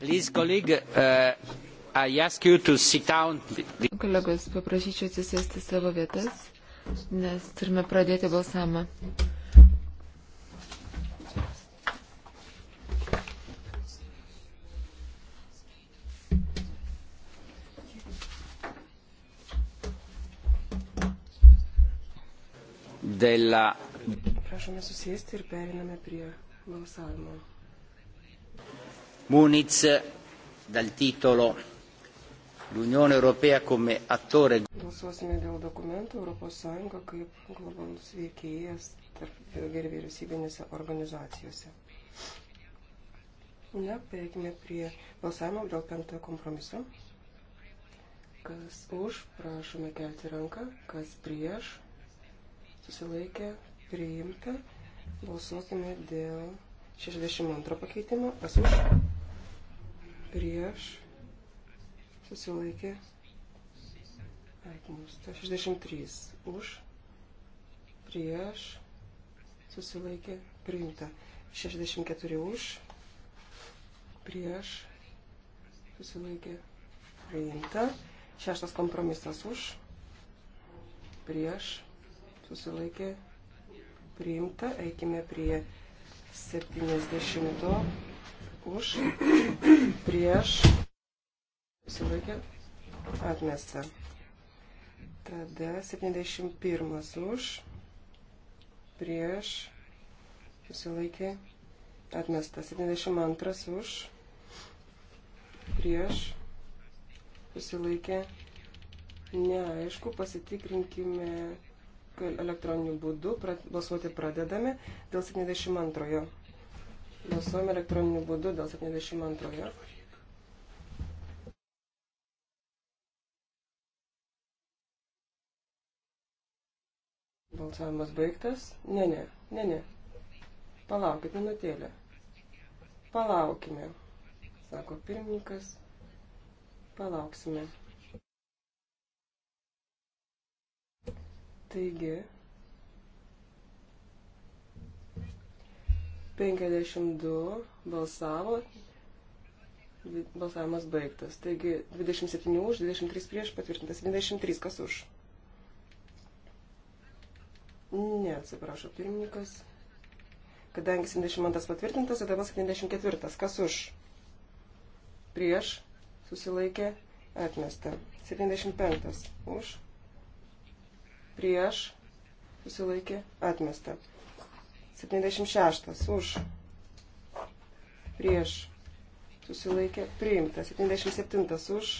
Please, colleague, uh, I ask you to sit down. Kolegos, paprašyčiau atsisėsti savo vietas, nes turime pradėti balsamą. della. Prašome susėsti ir periname prie balsavimo. Muniz dal titolo L'Unione Europea come attore. Balsuosime dėl dokumento Europos Sąjunga kaip globalus veikėjas tarp vyriausybinėse organizacijose. Na, prieikime prie balsavimo dėl penktojo kompromiso. Kas už, prašome kelti ranką, kas prieš, susilaikė, priimta. Balsuokime dėl 62 pakeitimo. Kas už? prieš, susilaikė, atmesta. 63 už, prieš, susilaikė, priimta. 64 už, prieš, susilaikė, priimta. Šeštas kompromisas už, prieš, susilaikė, priimta. Eikime prie 70 už, prieš, susilaikė, atmesta. Tada 71 už, prieš, susilaikė, atmesta. 72 už, prieš, susilaikė, neaišku, pasitikrinkime elektroniniu būdu, balsuoti pradedame dėl 72. -ojo. Balsuojame elektroniniu būdu dėl 72. Balsavimas baigtas. Ne, ne, ne, ne. Palaukit minutėlę. Palaukime, sako pirmininkas. Palauksime. Taigi, 52 balsavo, balsavimas baigtas. Taigi 27 už, 23 prieš patvirtintas, 23 kas už. Ne, atsiprašau, pirmininkas. Kadangi 72 patvirtintas, dabar 74. Kas už? Prieš susilaikė atmesta. 75 už. Prieš susilaikė atmesta. 76 už prieš susilaikė priimta. 77 už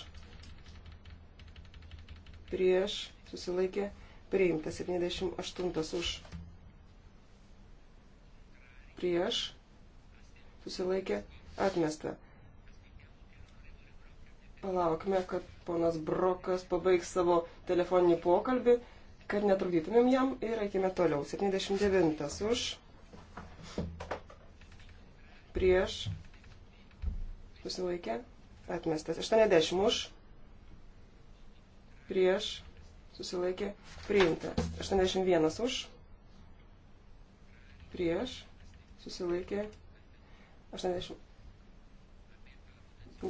prieš susilaikė priimta. 78 už prieš susilaikė atmesta. Palaukime, kad ponas Brokas pabaigs savo telefoninį pokalbį, kad netrukdytumėm jam ir eikime toliau. 79 už prieš, susilaikė, atmestas. 80 už, prieš, susilaikė, priimta. 81 už, prieš, susilaikė, 80.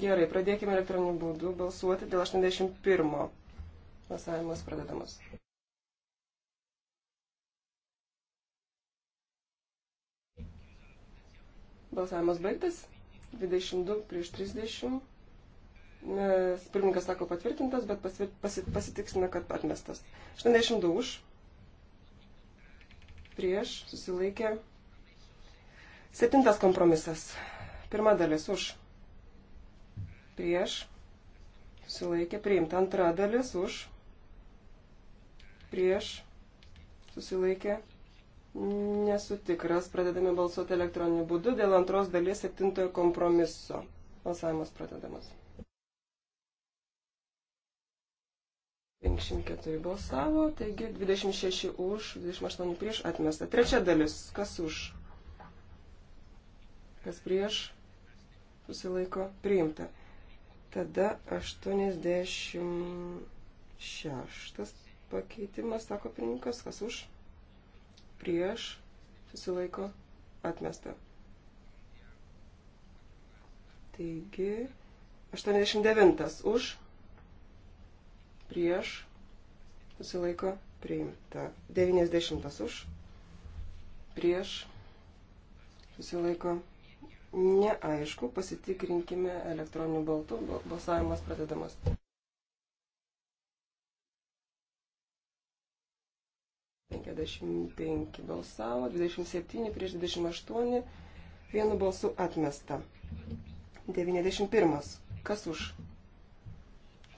Gerai, pradėkime elektroniniu būdu balsuoti dėl 81 balsavimas pradedamas. Balsavimas baigtas. 22 prieš 30. Nes pirmininkas sako patvirtintas, bet pasitiksime, kad atmestas. 82 už. Prieš susilaikė. Septintas kompromisas. Pirma dalis už. Prieš susilaikė. Priimta antra dalis už. Prieš susilaikė. Nesu tikras, pradedame balsuoti elektroniniu būdu dėl antros dalies septintojo kompromiso. Balsavimas pradedamas. 54 balsavo, taigi 26 už, 28 prieš atmesta. Trečia dalis, kas už? Kas prieš? Susilaiko priimta. Tada 86 pakeitimas, sako pirmininkas, kas už? prieš, susilaiko, atmesta. Taigi, 89 už, prieš, susilaiko, priimta. 90 už, prieš, susilaiko, neaišku, pasitikrinkime elektroniniu baltu, balsavimas pradedamas. 45 balsavo, 27 prieš 28, vienu balsu atmesta. 91. Kas už?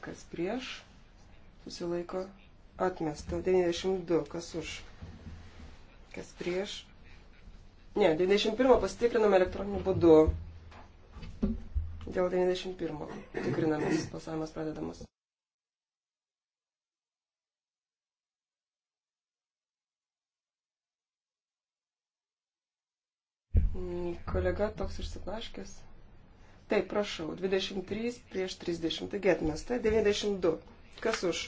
Kas prieš? Susilaiko atmesta. 92. Kas už? Kas prieš? Ne, 91 pasitikriname elektroniniu būdu. Dėl 91 tikrinamės, pasavimas pradedamas. Kolega toks išsiplaškęs. Taip, prašau, 23 prieš 30, taigi atmesta, 92. Kas už?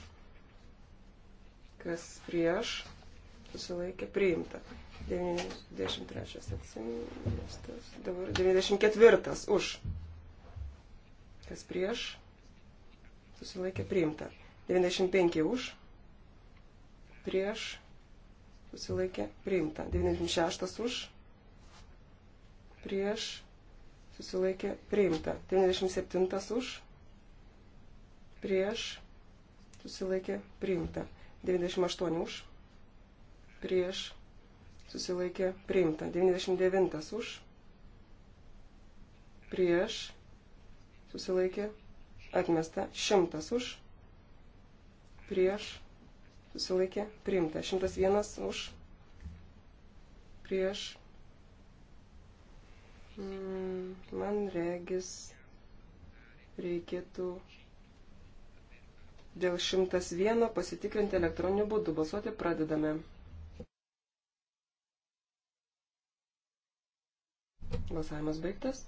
Kas prieš? Susilaikė, priimta. 93 atsimestas, dabar 94 už. Kas prieš? Susilaikė, priimta. 95 už. Prieš? Susilaikė, priimta. 96 už prieš susilaikė priimta. 97 už prieš susilaikė priimta. 98 už prieš susilaikė priimta. 99 už prieš susilaikė atmesta. 100 už prieš susilaikė priimta. 101 už prieš Mm, man regis reikėtų dėl 101 pasitikrinti elektroniniu būdu. Balsuoti pradedame. Balsavimas baigtas.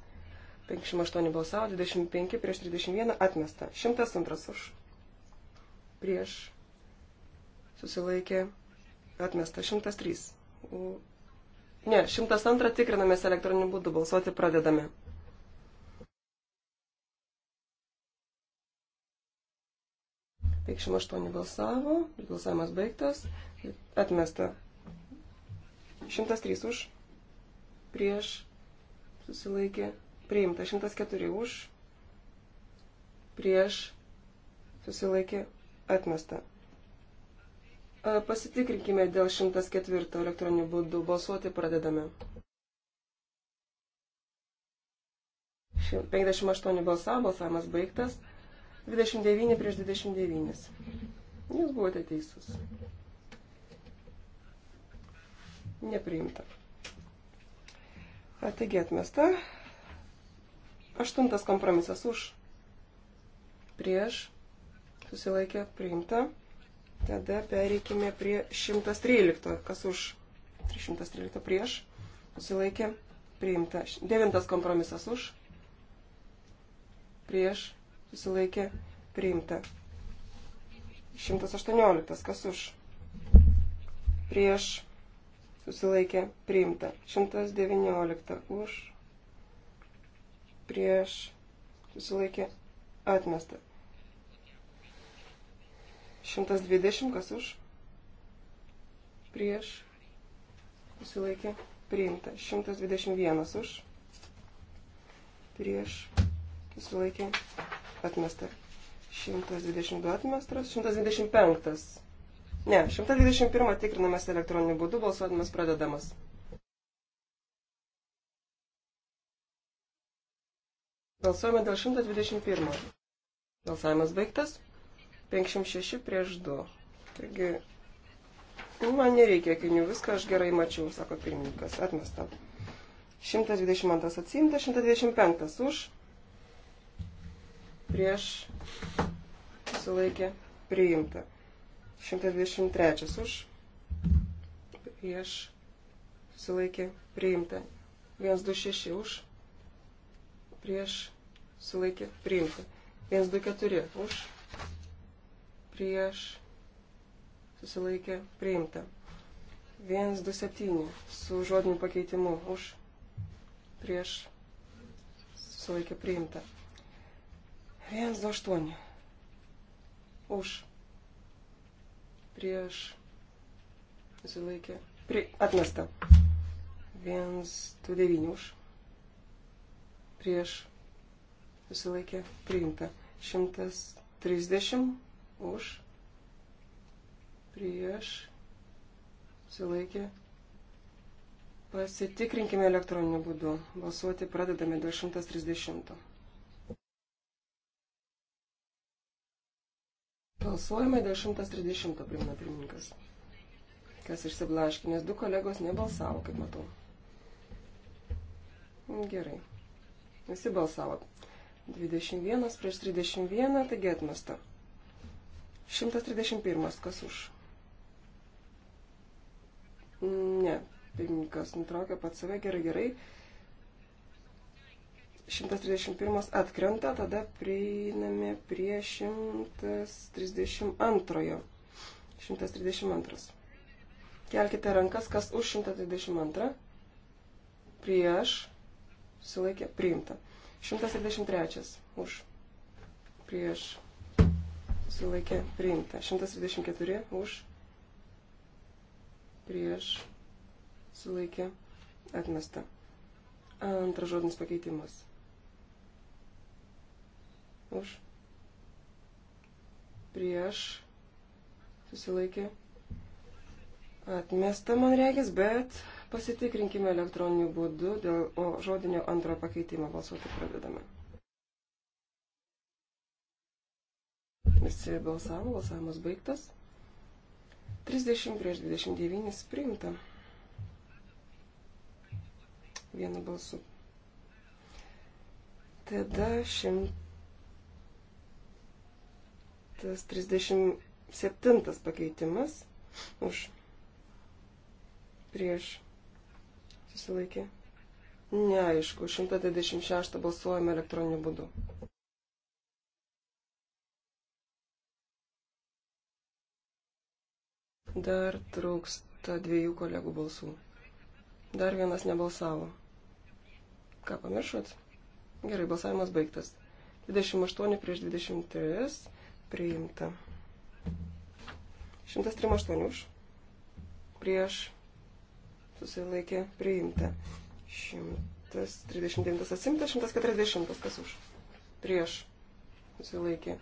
58 balsavo, 25 prieš 31 atmesta. 102 už. Prieš. Susilaikė. Atmesta. 103. U Ne, 102 tikrinamės elektroniniu būdu, balsuoti pradedame. Peikšim aštuoni balsavo, balsavimas baigtas, atmesta. 103 už, prieš, susilaikė, priimta. 104 už, prieš, susilaikė, atmesta. E, pasitikrinkime dėl 104 elektroninių būdų. Balsuoti pradedame. 58 balsavo, balsavimas baigtas. 29 prieš 29. Jūs buvote teisus. Nepriimta. Taigi atmesta. Aštuntas kompromisas už. Prieš. Susilaikė. Priimta. Tada pereikime prie 113. Kas už? 313 prieš. Susilaikė. Priimta. Devintas kompromisas už. Prieš. Susilaikė. Priimta. 118. Kas už? Prieš. Susilaikė. Priimta. 119. Už. Prieš. Susilaikė. Atmesta. 120, kas už, prieš, susilaikė, priimta. 121 už, prieš, susilaikė, atmesta. 122 atmestas, 125. Ne, 121 tikrinamas elektroniniu būdu, balsuodamas pradedamas. Balsuojame dėl 121. Balsavimas baigtas. 56 prieš 2. Taigi, man nereikia akinių, viską aš gerai mačiau, sako pirmininkas. Atmesta. 122 atsimta, 125 už. Prieš sulaikė priimta. 123 už. Prieš sulaikė priimta. 126 už. Prieš sulaikė priimta. 124 už prieš susilaikė priimta. 127 su žodiniu pakeitimu už prieš susilaikė priimta. 128 už prieš susilaikė pri, atmesta. 129 už prieš susilaikė priimta. 130 už, prieš, susilaikė. Pasitikrinkime elektroniniu būdu. Balsuoti pradedame 230. Balsuojame 230, primina pirmininkas. Kas išsiblaškė, nes du kolegos nebalsavo, kaip matau. Gerai. Visi balsavo. 21 prieš 31, taigi atmesta. 131. Kas už? Ne. Pirmininkas nutraukė pat save. Gerai, gerai. 131 atkrenta, tada prieiname prie 132. 132. Kelkite rankas, kas už 132. Prieš. Sulaikė. Priimta. 133. Už. Prieš sulaikė priimta. 124 už prieš sulaikė atmesta. Antras žodinis pakeitimas. Už prieš susilaikė atmesta, man reikės, bet pasitikrinkime elektroniniu būdu dėl žodinio antro pakeitimo balsuoti pradedame. Visi balsavo, balsavimas baigtas. 30 prieš 29 priimta. Vienu balsu. Tada 137 pakeitimas už prieš susilaikė. Neaišku, 126 balsuojame elektroniniu būdu. Dar trūksta dviejų kolegų balsų. Dar vienas nebalsavo. Ką pamiršot? Gerai, balsavimas baigtas. 28 prieš 23 priimta. 138 už. Prieš susilaikė priimta. 139 atsimta, 140 kas už. Prieš susilaikė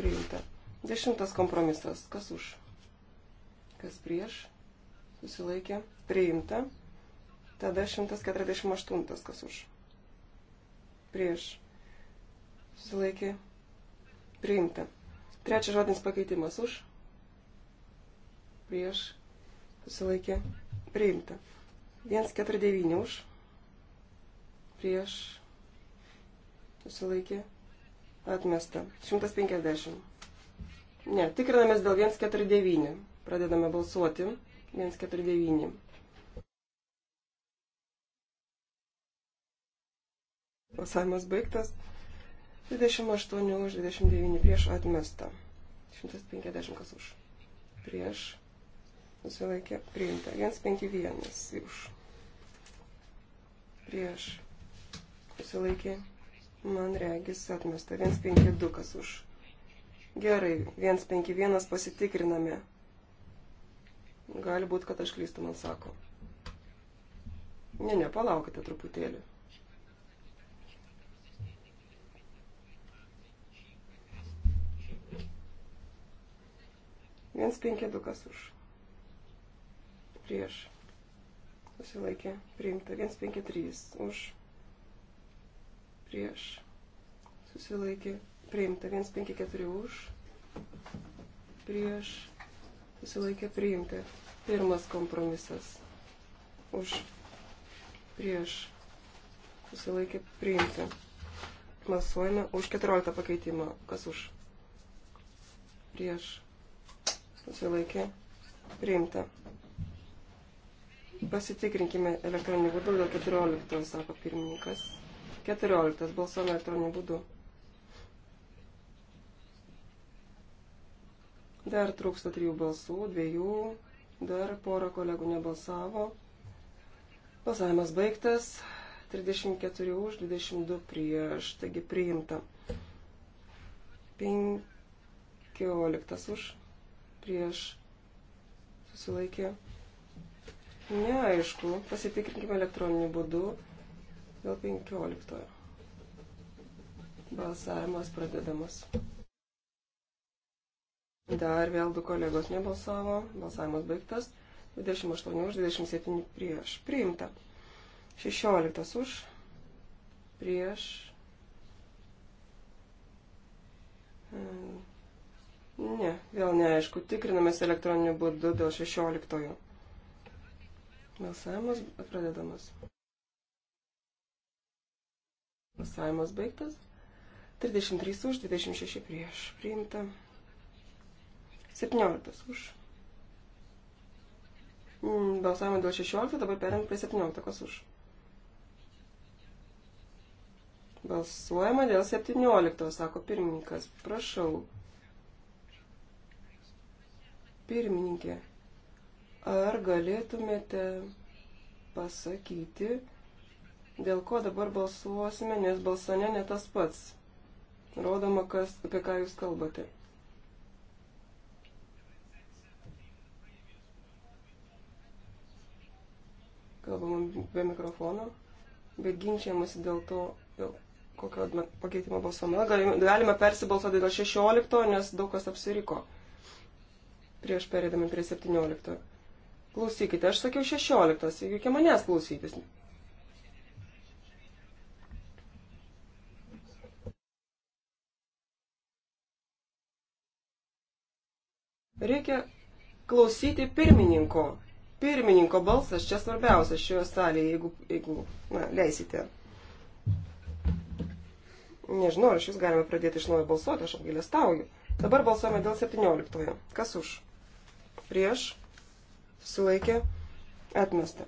priimta. 10 kompromisas kas už kas prieš, susilaikė, priimta. Tada 148, kas už, prieš, susilaikė, priimta. Trečias žodinis pakeitimas už, prieš, susilaikė, priimta. 149 už, prieš, susilaikė, atmesta. 150. Ne, tikrinamės dėl 149. Pradedame balsuoti. 149. Balsavimas baigtas. 28 už 29 prieš atmestą. 150 kas už. Prieš. Nusilaikė priimta. 151 už. Prieš. Nusilaikė. Man regis atmesta. 152 kas už. Gerai. 151 pasitikriname. Gali būti, kad aš klystu, man sako. Ne, ne, palaukite truputėlį. Viens penkiadukas už. Prieš. Susilaikė. Priimta. Viens penki trys. Už. Prieš. Susilaikė. Priimta. Viens penki keturi už. Prieš susilaikė priimti. Pirmas kompromisas už prieš susilaikė priimti. Masuojame už 14 pakeitimą. Kas už? Prieš susilaikė priimta. Pasitikrinkime elektroninį būdų dėl 14, sako pirmininkas. 14 balsuojame elektroniniu būdu. Dar trūksta trijų balsų, dviejų, dar pora kolegų nebalsavo. Balsavimas baigtas, 34 už, 22 prieš, taigi priimta. 15 už, prieš, susilaikė. Neaišku, pasitikrinkime elektroniniu būdu dėl 15. Balsavimas pradedamas. Dar vėl du kolegos nebalsavo, balsavimas baigtas. 28 už, 27 prieš. Priimta. 16 už, prieš. Hm. Ne, vėl neaišku. Tikrinamės elektroniniu būdu dėl 16. -ojo. Balsavimas pradedamas. Balsavimas baigtas. 33 už, 26 prieš. Priimta. 17 už. Mm, Balsavome dėl 16, dabar perėm prie 17 už. Balsuojama dėl 17, sako pirmininkas. Prašau. Pirmininkė, ar galėtumėte pasakyti, dėl ko dabar balsuosime, nes balsane ne tas pats. Rodoma, kas, apie ką jūs kalbate. kalbama be mikrofono, bet ginčiamasi dėl to, dėl kokio pakeitimo balsuojama. Galime, galime persibalsuoti dėl 16, nes daug kas apsiriko prieš perėdami prie 17. Klausykite, aš sakiau 16, reikia manęs klausytis. Reikia klausyti pirmininko pirmininko balsas čia svarbiausias šioje salėje, jeigu, jeigu na, leisite. Nežinau, ar šis galime pradėti iš naujo balsuoti, aš apgailestauju. Dabar balsuojame dėl 17. -ojo. Kas už? Prieš? Susilaikė? Atmesta.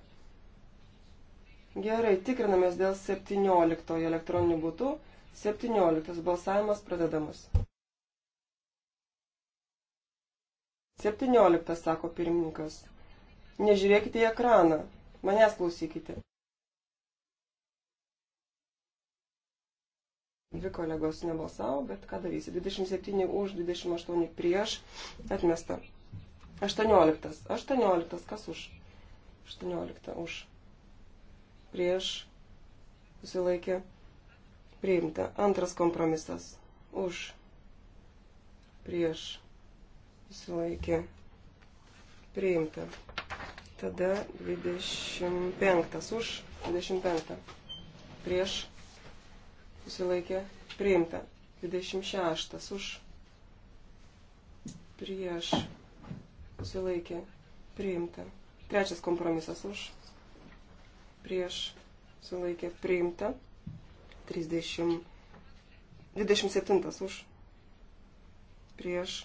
Gerai, tikrinamės dėl 17 elektroninių būtų. 17 balsavimas pradedamas. 17, sako pirmininkas. Nežiūrėkite į ekraną. Manęs klausykite. Dvi kolegos nebalsavo, bet ką darysi? 27 už, 28 prieš. Atmesta. 18. 18. Kas už? 18 už. Prieš. Susilaikė. Priimta. Antras kompromisas. Už. Prieš. Susilaikė. Priimta. Tada 25 už, 25 prieš susilaikė priimta. 26 už prieš susilaikė priimta. Trečias kompromisas už prieš sulaikė priimta. 30, 27 už prieš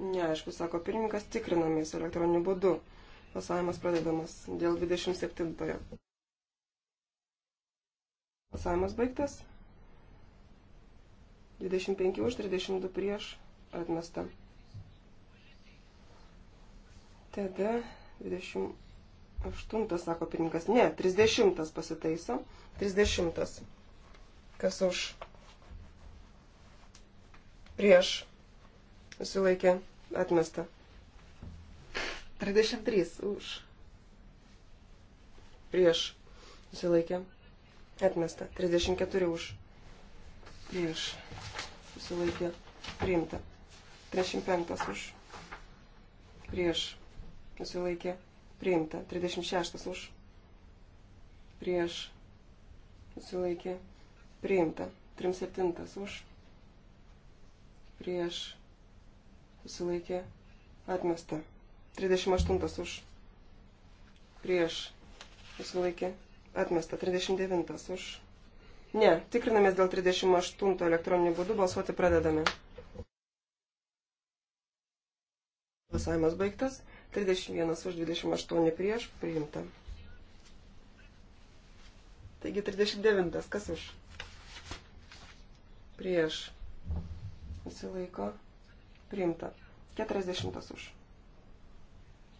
Neaišku, sako pirmininkas, tikrinamės elektroniniu būdu. Pasavimas pradedamas dėl 27. Pasavimas baigtas. 25 už, 32 prieš, atmesta. Tada 28, sako pirmininkas, ne, 30 pasitaiso. 30. Kas už? Prieš. Susilaikė Atmesta. 33 už. Prieš. Susilaikė. Atmesta. 34 už. Prieš. Susilaikė. Priimta. 35 už. Prieš. Susilaikė. Priimta. 36 už. Prieš. Susilaikė. Priimta. 37 už. Prieš susilaikė atmesta. 38 už prieš susilaikė atmesta. 39 už. Ne, tikrinamės dėl 38 elektroninių būdų, balsuoti pradedame. Balsavimas baigtas. 31 už 28 prieš priimta. Taigi 39. Kas už? Prieš. Įsilaiko priimta. 40 už.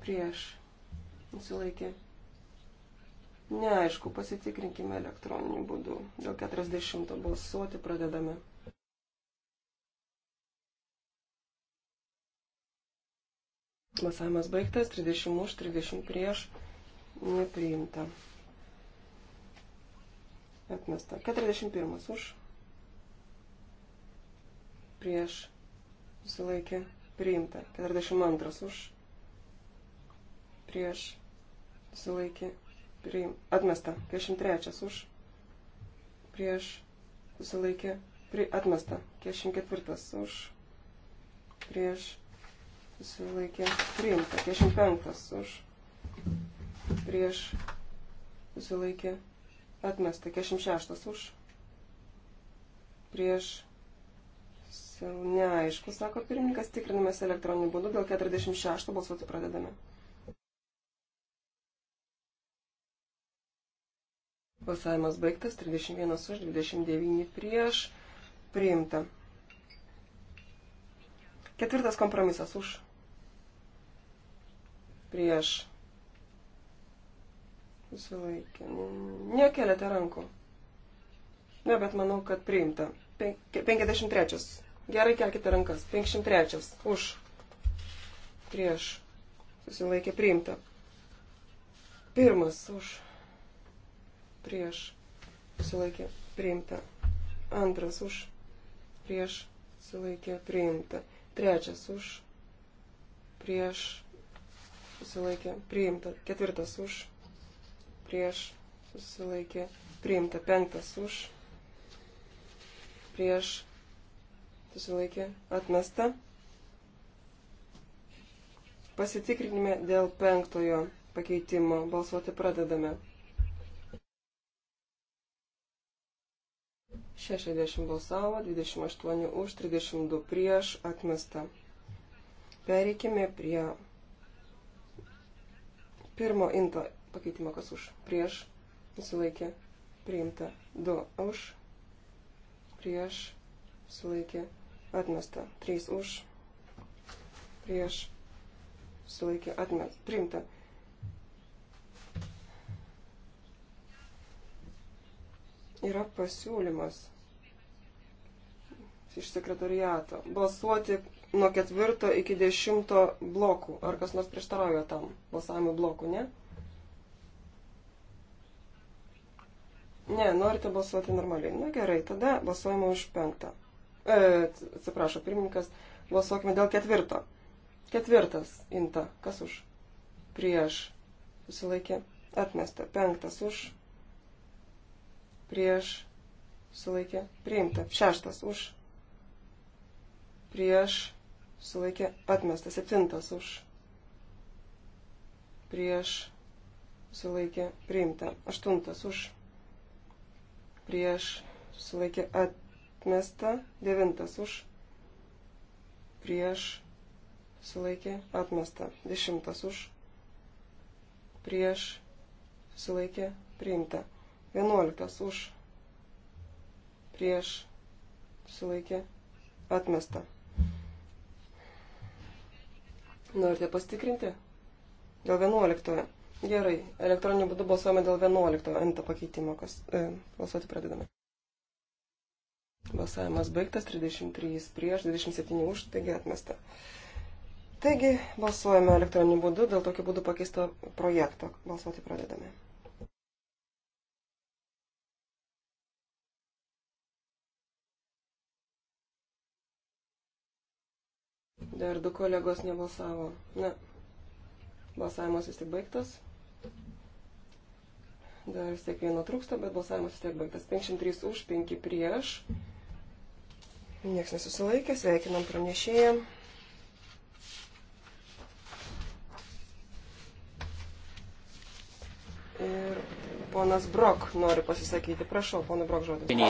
Prieš. Nusilaikė. Neaišku, pasitikrinkime elektroniniu būdu. Dėl 40 balsuoti pradedame. Balsavimas baigtas, 30 už, 30 prieš, nepriimta. Atmesta. 41 už, prieš, susilaikė priimta. 42 už prieš susilaikė priimta. Atmesta. 43 už prieš susilaikė pri, atmesta. 44 už prieš susilaikė priimta. 45 už prieš susilaikė atmesta. 46 už prieš pusiau neaišku, sako pirmininkas, tikrinamės elektroniniu būdu, dėl 46 balsuoti pradedame. Balsavimas baigtas, 31 už, 29 prieš, priimta. Ketvirtas kompromisas už, prieš, susilaikė, nekeliate rankų. Ne, bet manau, kad priimta. 53 Gerai, kelkite rankas. 503. Už. Prieš. Susilaikė priimta. Pirmas. Už. Prieš. Susilaikė priimta. Antras. Už. Prieš. Susilaikė priimta. Trečias. Už. Prieš. Susilaikė priimta. Ketvirtas. Už. Prieš. Susilaikė priimta. Penktas. Už. Prieš susilaikė atmesta. Pasitikrinime dėl penktojo pakeitimo. Balsuoti pradedame. 60 balsavo, 28 už, 32 prieš, atmesta. Pereikime prie pirmo into pakeitimo, kas už, prieš, susilaikė, priimta, 2 už, prieš, susilaikė, atmesta. 3 už, prieš, sulaikė, atmest, priimta. Yra pasiūlymas iš sekretariato balsuoti nuo ketvirto iki dešimto blokų. Ar kas nors prieštarauja tam balsavimo blokų, ne? Ne, norite balsuoti normaliai. Na gerai, tada balsuojame už penktą. E, atsiprašau, e, pirmininkas, balsuokime dėl ketvirto. Ketvirtas inta. Kas už? Prieš. Susilaikė. Atmesta. Penktas už. Prieš. Susilaikė. Priimta. Šeštas už. Prieš. Susilaikė. Atmesta. Septintas už. Prieš. Susilaikė. Priimta. Aštuntas už. Prieš. Susilaikė. Atmesta atmesta, devintas už, prieš, sulaikė, atmesta, dešimtas už, prieš, sulaikė, priimta, vienuoliktas už, prieš, sulaikė, atmesta. Norite pastikrinti? Dėl 11. Gerai, elektroniniu būdu balsuojame dėl 11. N pakeitimo, kas e, balsuoti pradedame. Balsavimas baigtas, 33 prieš, 27 už, taigi atmesta. Taigi balsuojame elektroniniu būdu, dėl tokiu būdu pakeisto projekto. Balsuoti pradedame. Dar du kolegos nebalsavo. Na, balsavimas vis tik baigtas. Dar vis tiek vieno trūksta, bet balsavimas vis tiek baigtas. 503 už, 5 prieš. Niekas nesusilaikė, sveikinam pranešėją. Ir ponas Brok nori pasisakyti. Prašau, pono Brok žodį.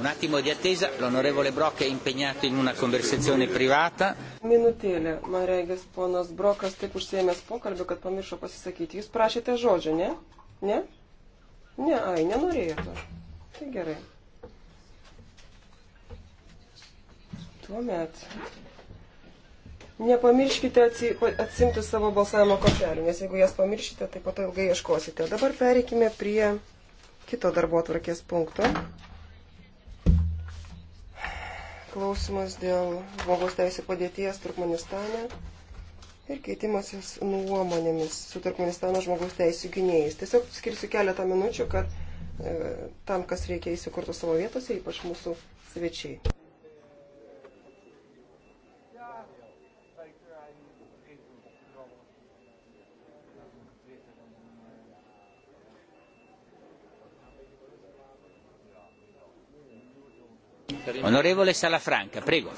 Un attimo di attesa, l'onorevole Brock è impegnato in una conversazione privata. Minutėlė, man regis, ponas Brokas taip užsiemęs pokalbį, kad pamiršo pasisakyti. Jūs prašėte žodžio, ne? Ne? Ne, ai, nenorėjote. Tai gerai. Tuomet. Nepamirškite atsi, atsimti savo balsavimo kortelių, nes jeigu jas pamiršite, tai po to ilgai ieškosite. Dabar pereikime prie kito darbo atvarkės punkto klausimas dėl žmogaus teisų padėties Turkmenistane ir keitimasis nuomonėmis su Turkmenistano žmogaus teisų gynėjais. Tiesiog skirsiu keletą minučių, kad e, tam, kas reikia įsikurtų savo vietose, ypač mūsų svečiai. Honorevole Salafranka, prego.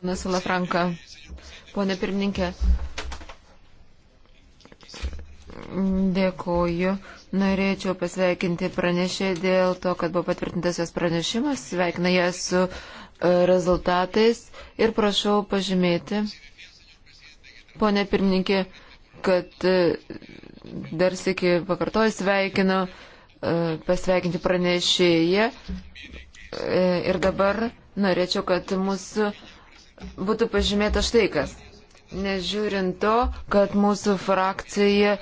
Pone Salafranka, pone pirmininkė, dėkoju. Norėčiau pasveikinti pranešę dėl to, kad buvo patvirtintas jos pranešimas. Sveikina ją su e, rezultatais ir prašau pažymėti, ponė pirmininkė, kad e, dar sėki pakartoju sveikinu e, pasveikinti pranešėją E, ir dabar norėčiau, kad mūsų būtų pažymėta štai kas. Nežiūrint to, kad mūsų frakcija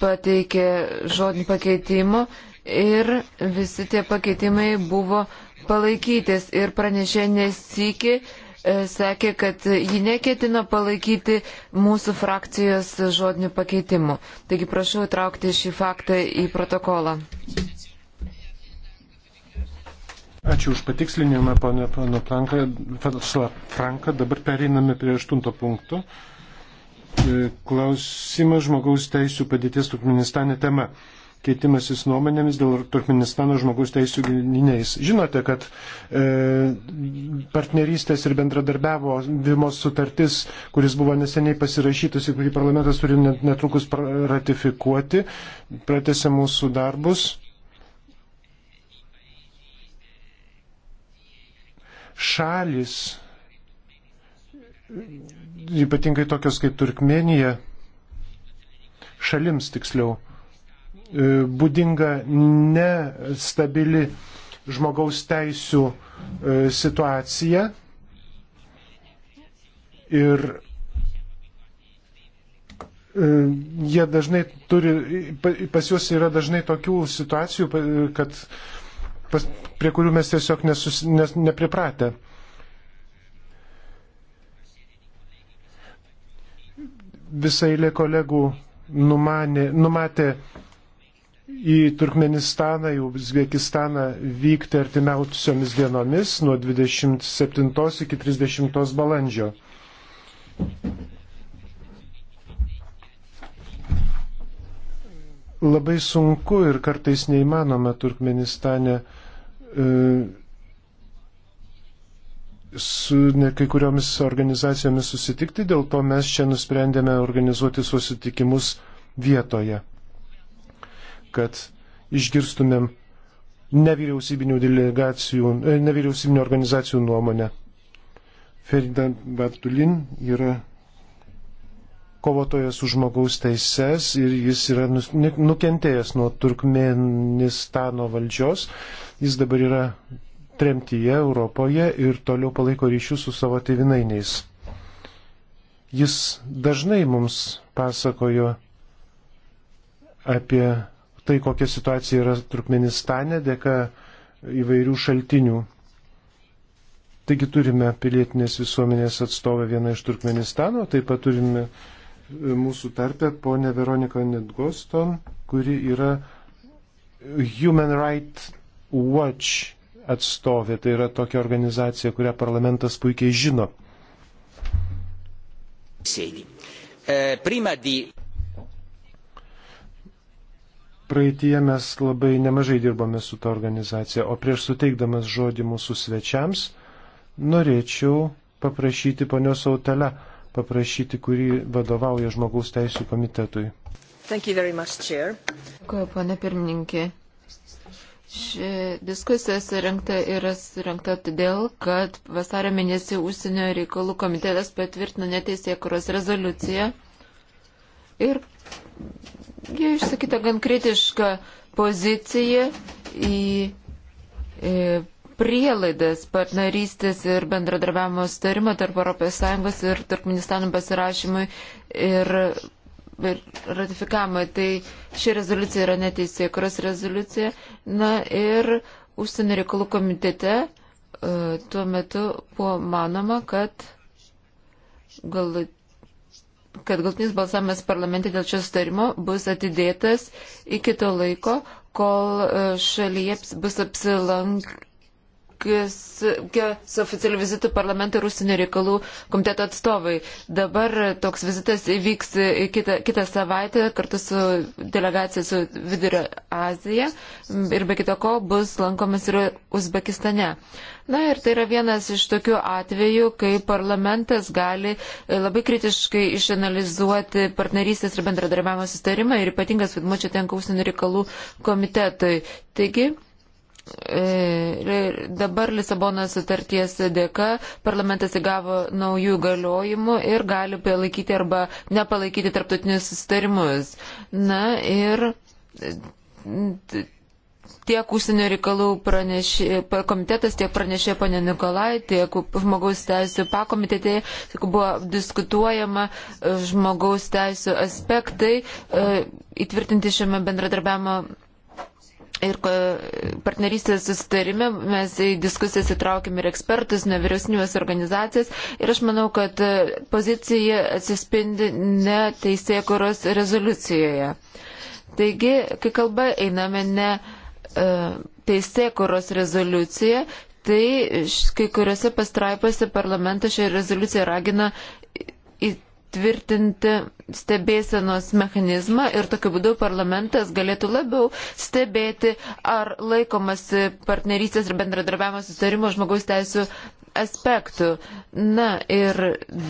pateikė žodinį pakeitimą ir visi tie pakeitimai buvo palaikytis ir pranešė nesikį, e, sakė, kad ji neketino palaikyti mūsų frakcijos žodinių pakeitimų. Taigi prašau traukti šį faktą į protokolą. Ačiū už patikslinimą, ponė Pano Franka. Dabar pereiname prie aštunto punkto. E, klausimas žmogaus teisų padėties Turkmenistane tema. Keitimasis nuomonėmis dėl Turkmenistano žmogaus teisų gyniniais. Žinote, kad e, partnerystės ir bendradarbiavimo sutartis, kuris buvo neseniai pasirašytas ir kurį parlamentas turi netrukus ratifikuoti, pratėse mūsų darbus šalis, ypatingai tokios kaip Turkmenija, šalims tiksliau, e, būdinga nestabili žmogaus teisų e, situacija ir e, jie dažnai turi, pas juos yra dažnai tokių situacijų, kad pas, prie kurių mes tiesiog nesus, nes, nepripratę. Visai lė kolegų numanė, numatė į Turkmenistaną, į Uzbekistaną vykti artimiausiomis dienomis nuo 27 iki 30 balandžio. Labai sunku ir kartais neįmanoma Turkmenistane e, su ne, kai kuriomis organizacijomis susitikti, dėl to mes čia nusprendėme organizuoti susitikimus vietoje, kad išgirstumėm nevyriausybinių delegacijų, e, nevyriausybinių organizacijų nuomonę. Ferdinand Bartulin yra kovotojas už žmogaus teises ir jis yra nukentėjęs nuo Turkmenistano valdžios. Jis dabar yra tremtyje Europoje ir toliau palaiko ryšius su savo tėvinainiais. Jis dažnai mums pasakojo apie tai, kokia situacija yra Turkmenistane dėka įvairių šaltinių. Taigi turime pilietinės visuomenės atstovę vieną iš Turkmenistano, taip pat turime uh, mūsų tarpę ponė Veronika Nedgoston, kuri yra Human Rights Watch atstovė. Tai yra tokia organizacija, kurią parlamentas puikiai žino. Sėdi. E, prima di. Praeitie mes labai nemažai dirbame su ta organizacija, o prieš suteikdamas žodį mūsų svečiams, norėčiau paprašyti ponios Autelę paprašyti, kurį vadovauja žmogaus teisų komitetui. Dėkuoju, pane pirmininkė. Ši diskusija surinkta yra surinkta todėl, kad vasario mėnesį Užsienio reikalų komitetas patvirtino neteisėkuros rezoliuciją ir jie išsakyta gan kritiška pozicija į e, prielaidas partnerystės ir bendradarbiavimo starimo tarp ES ir Turkmenistano pasirašymui ir, ir ratifikavimui. Tai ši rezoliucija yra neteisė, kurios rezoliucija. Na ir užsienio reikalų komitete e, tuo metu buvo manoma, kad galutinė kad galtinis balsavimas parlamente dėl šio sutarimo bus atidėtas iki to laiko, kol e, šalyje bus apsilank, su oficialiu vizitu parlamento ir užsienio reikalų komiteto atstovai. Dabar toks vizitas įvyks kitą, kitą savaitę kartu su delegacija su Vidurio Azija ir be kito ko bus lankomas ir Uzbekistane. Na ir tai yra vienas iš tokių atvejų, kai parlamentas gali labai kritiškai išanalizuoti partnerystės ir bendradarbiavimo sustarimą ir ypatingas vaidmuo čia tenka užsienio reikalų komitetui. Taigi, E, dabar Lisabono sutarties dėka parlamentas įgavo naujų galiojimų ir gali palaikyti arba nepalaikyti tarptautinius sustarimus. Na ir e, tiek užsienio reikalų pranešė, komitetas, tiek pranešė ponė Nikolai, tiek žmogaus teisų pakomitetė buvo diskutuojama e, žmogaus teisų aspektai įtvirtinti šiame bendradarbiavimo Ir e, partnerystės sustarime mes į diskusijas įtraukėme ir ekspertus, nevyriausybės organizacijas. Ir aš manau, kad e, pozicija atsispindi ne teisėkuros rezoliucijoje. Taigi, kai kalba einame ne e, teisėkuros rezoliuciją, tai kai kuriuose pastraipose parlamentas šią rezoliuciją ragina patvirtinti stebėsenos mechanizmą ir tokiu būdu parlamentas galėtų labiau stebėti, ar laikomasi partnerystės ir bendradarbiavimo sustarimo žmogaus teisų aspektų. Na ir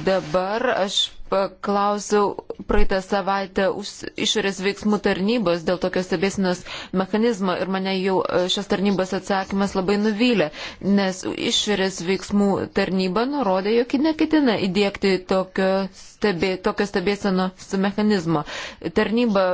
dabar aš paklausiau praeitą savaitę už išorės veiksmų tarnybos dėl tokios stebėsinos mechanizmo ir mane jau e, šios tarnybos atsakymas labai nuvylė, nes išorės veiksmų tarnyba nurodė, jog ji neketina įdėkti tokio, stebė, tokio stebėsinos mechanizmo. Tarnyba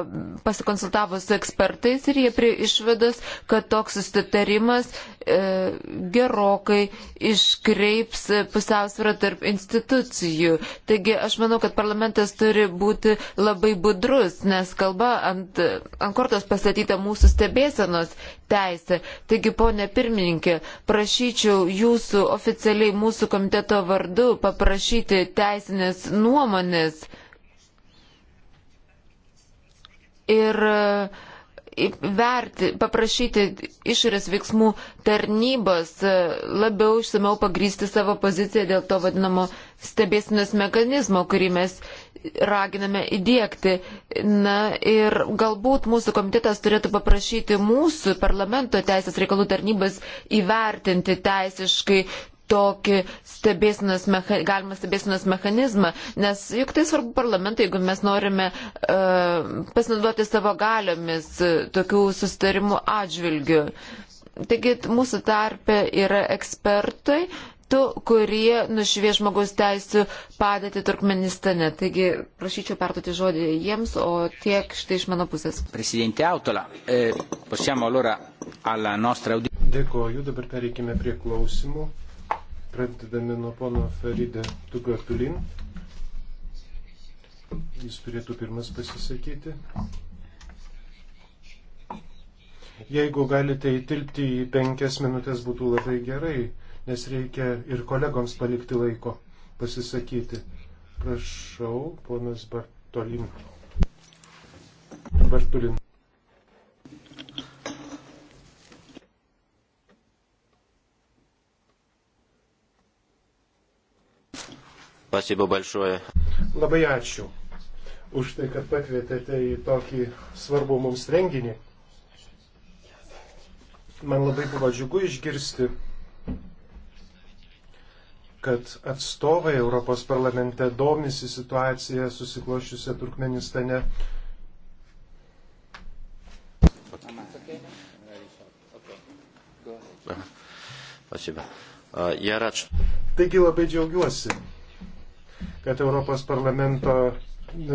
pasikonsultavo su ekspertais ir jie prie išvados, kad toks susitarimas e, gerokai iškreips pusiausvyrą tarp institucijų. Taigi aš manau, manau, kad parlamentas turi būti labai budrus, nes kalba ant, ant kortos pastatyta mūsų stebėsenos teisė. Taigi, ponė pirmininkė, prašyčiau jūsų oficialiai mūsų komiteto vardu paprašyti teisinės nuomonės. Ir uh, verti, paprašyti išorės veiksmų tarnybos e, labiau išsameu pagrysti savo poziciją dėl to vadinamo stebėsinės mechanizmo, kurį mes raginame įdėkti. Na ir galbūt mūsų komitetas turėtų paprašyti mūsų parlamento teisės reikalų tarnybas įvertinti teisiškai tokį stebėsinos mecha, galimą stebėsinos mechanizmą, nes juk tai svarbu parlamentai, jeigu mes norime uh, pasinaudoti savo galiomis uh, tokių sustarimų atžvilgių. Taigi mūsų tarpe yra ekspertai, tu, kurie nušvie žmogaus teisų padėti Turkmenistane. Taigi prašyčiau perduoti žodį jiems, o tiek štai iš mano pusės. Prezidentė Autola, e, possiamo allora alla nostra audiencija. Dėkoju, dabar pereikime prie klausimų. Pradedame nuo pono Faridė Tugatulin. Jis turėtų pirmas pasisakyti. Jeigu galite įtilpti į penkias minutės būtų labai gerai, nes reikia ir kolegoms palikti laiko pasisakyti. Prašau, ponas Bartolin. Bartulin. Pasibu balšuoju. Labai ačiū už tai, kad pakvietėte į tokį svarbų mums renginį. Man labai buvo džiugu išgirsti, kad atstovai Europos parlamente domisi situaciją susiklošiusią Turkmenistane. Taigi labai džiaugiuosi kad Europos parlamento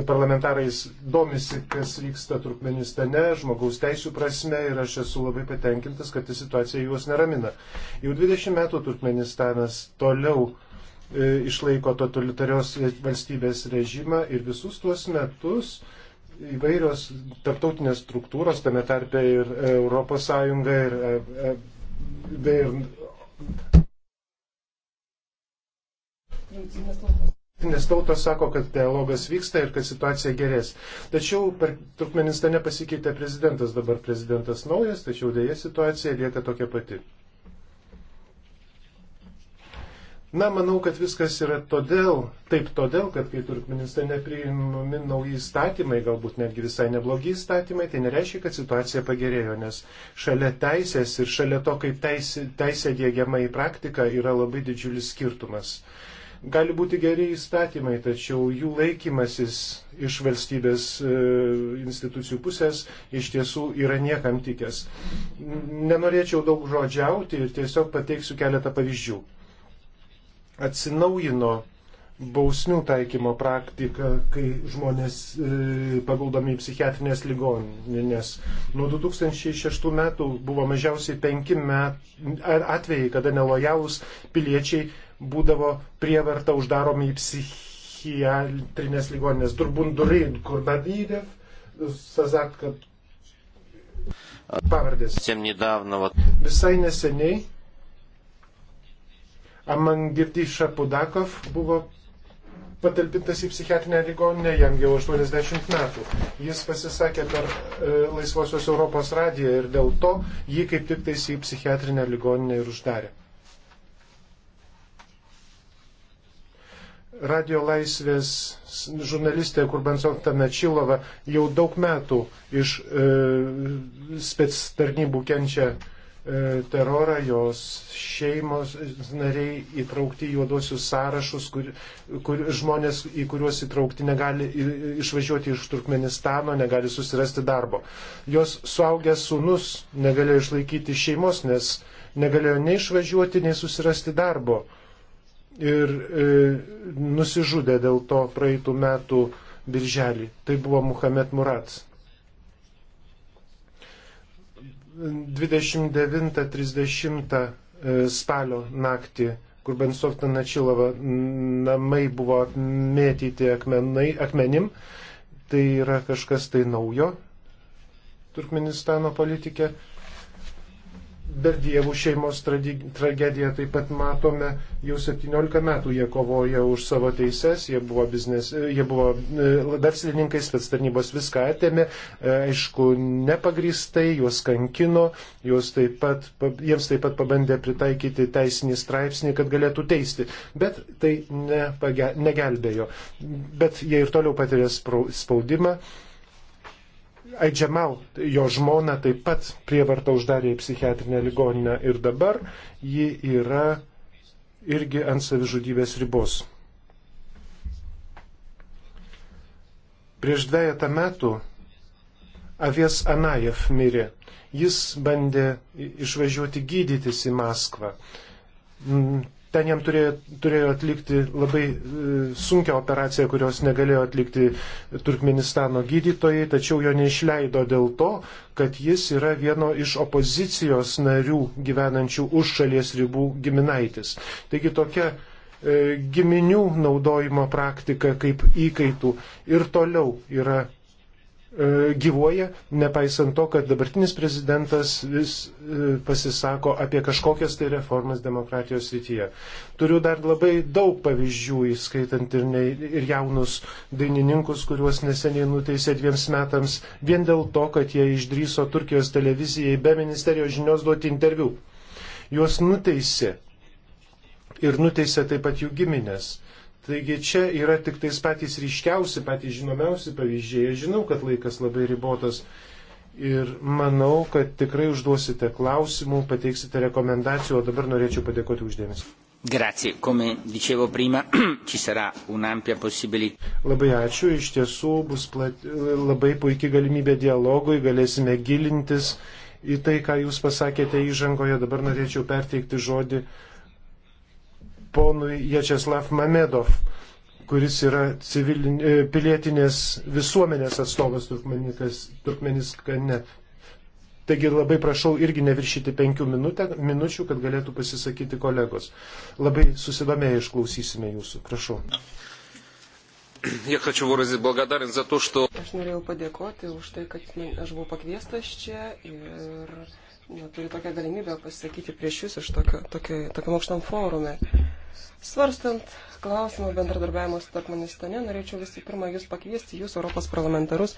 parlamentarais domisi, kas vyksta Turkmenistane, žmogaus teisų prasme ir aš esu labai patenkintas, kad situacija juos neramina. Jau 20 metų Turkmenistanas toliau e, išlaiko totalitarios valstybės režimą ir visus tuos metus įvairios tarptautinės struktūros, tame tarpe ir Europos Sąjunga ir, e, e, ir, ir Nes tautos sako, kad dialogas vyksta ir kad situacija gerės. Tačiau per Turkmenistane pasikeitė prezidentas, dabar prezidentas naujas, tačiau dėja situacija lieka tokia pati. Na, manau, kad viskas yra todėl, taip todėl, kad kai Turkmenistane priimami nauji įstatymai, galbūt netgi visai neblogi įstatymai, tai nereiškia, kad situacija pagerėjo, nes šalia teisės ir šalia to, kaip teisė, teisė dėgiama į praktiką, yra labai didžiulis skirtumas. Uh, Gali būti geri įstatymai, tačiau jų laikymasis iš valstybės e, institucijų pusės iš tiesų yra niekam tikęs. Nenorėčiau daug žodžiauti ir tiesiog pateiksiu keletą pavyzdžių. Atsinaujino bausmių taikymo praktika, kai žmonės e, paguldomi į psichiatrinės ligoninės. Nuo 2006 metų buvo mažiausiai penki met, atvejai, kada nelojalūs piliečiai būdavo prievarta uždaromi į psichiatrinės ligoninės. Turbundurid, Kurbadydev, Sazatkat. Pavardės. Visai neseniai Amangirdi Šapudakov buvo patalpintas į psichiatrinę ligoninę, jam jau 80 metų. Jis pasisakė per e, Laisvosios Europos radiją ir dėl to jį kaip tik tais į psichiatrinę ligoninę ir uždarė. radio laisvės žurnalistė Kurbansov Tamečilova jau daug metų iš e, spets tarnybų kenčia e, terorą, jos šeimos nariai įtraukti juodosius sąrašus, kur, kur žmonės, į kuriuos įtraukti negali išvažiuoti iš Turkmenistano, negali susirasti darbo. Jos suaugęs sunus negalėjo išlaikyti šeimos, nes negalėjo nei išvažiuoti, nei susirasti darbo. E, ir e, nusižudė dėl to praeitų metų birželį. Tai buvo Muhamed Murats. 29-30 spalio naktį, kur Bensofta Načilova namai buvo apmėtyti akmenai, akmenim, tai yra kažkas tai naujo Turkmenistano politikė. Berdievų šeimos tragediją taip pat matome, jau 17 metų jie kovoja už savo teises, jie buvo, biznes, jie buvo e, verslininkai, spets tarnybos viską atėmė, e, aišku, nepagristai, juos kankino, juos taip pat, jiems taip pat pabandė pritaikyti teisinį straipsnį, kad galėtų teisti, bet tai nepage, negelbėjo. Bet jie ir toliau patiria spaudimą Aidžiamau, jo žmona taip pat prievarta uždarė į psichiatrinę ligoninę ir dabar ji yra irgi ant savižudybės ribos. Prieš dviejatą metų Avies Anajev mirė. Jis bandė išvažiuoti gydytis į Maskvą. Mm, Ten jam turėjo, turėjo atlikti labai e, sunkią operaciją, kurios negalėjo atlikti Turkmenistano gydytojai, tačiau jo neišleido dėl to, kad jis yra vieno iš opozicijos narių gyvenančių už šalies ribų giminaitis. Taigi tokia e, giminių naudojimo praktika kaip įkaitų ir toliau yra E, gyvuoja, nepaisant to, kad dabartinis prezidentas vis e, pasisako apie kažkokias tai reformas demokratijos rytyje. Turiu dar labai daug pavyzdžių, įskaitant ir, ne, ir jaunus dainininkus, kuriuos neseniai nuteisė dviems metams, vien dėl to, kad jie išdryso Turkijos televizijai be ministerijos žinios duoti interviu. Juos nuteisė ir nuteisė taip pat jų giminės Taigi čia yra tik tais patys ryškiausi, patys žinomiausi pavyzdžiai. Aš žinau, kad laikas labai ribotas ir manau, kad tikrai užduosite klausimų, pateiksite rekomendacijų, o dabar norėčiau padėkoti uždėmesį. Grazie, come dicevo prima, ci sarà un'ampia possibilità. Labai ačiū, iš tiesų bus plat... labai puikia galimybė dialogui, galėsime gilintis į tai, ką jūs pasakėte įžangoje. Dabar norėčiau perteikti žodį ponui Jačeslav Mamedov, kuris yra civilin, e, pilietinės visuomenės atstovas Turkmenistane. Taigi labai prašau irgi neviršyti penkių minutę, minučių, kad galėtų pasisakyti kolegos. Labai susidomėję išklausysime jūsų. Prašau. Aš norėjau padėkoti už tai, kad man, nu, aš buvau pakviestas čia ir na, turiu tokią galimybę pasisakyti prieš jūs iš tokio, tokio, tokiam aukštam forume. Svarstant klausimą bendradarbiavimo su Turkmenistane, norėčiau visų pirma Jūs pakviesti, Jūs Europos parlamentarus,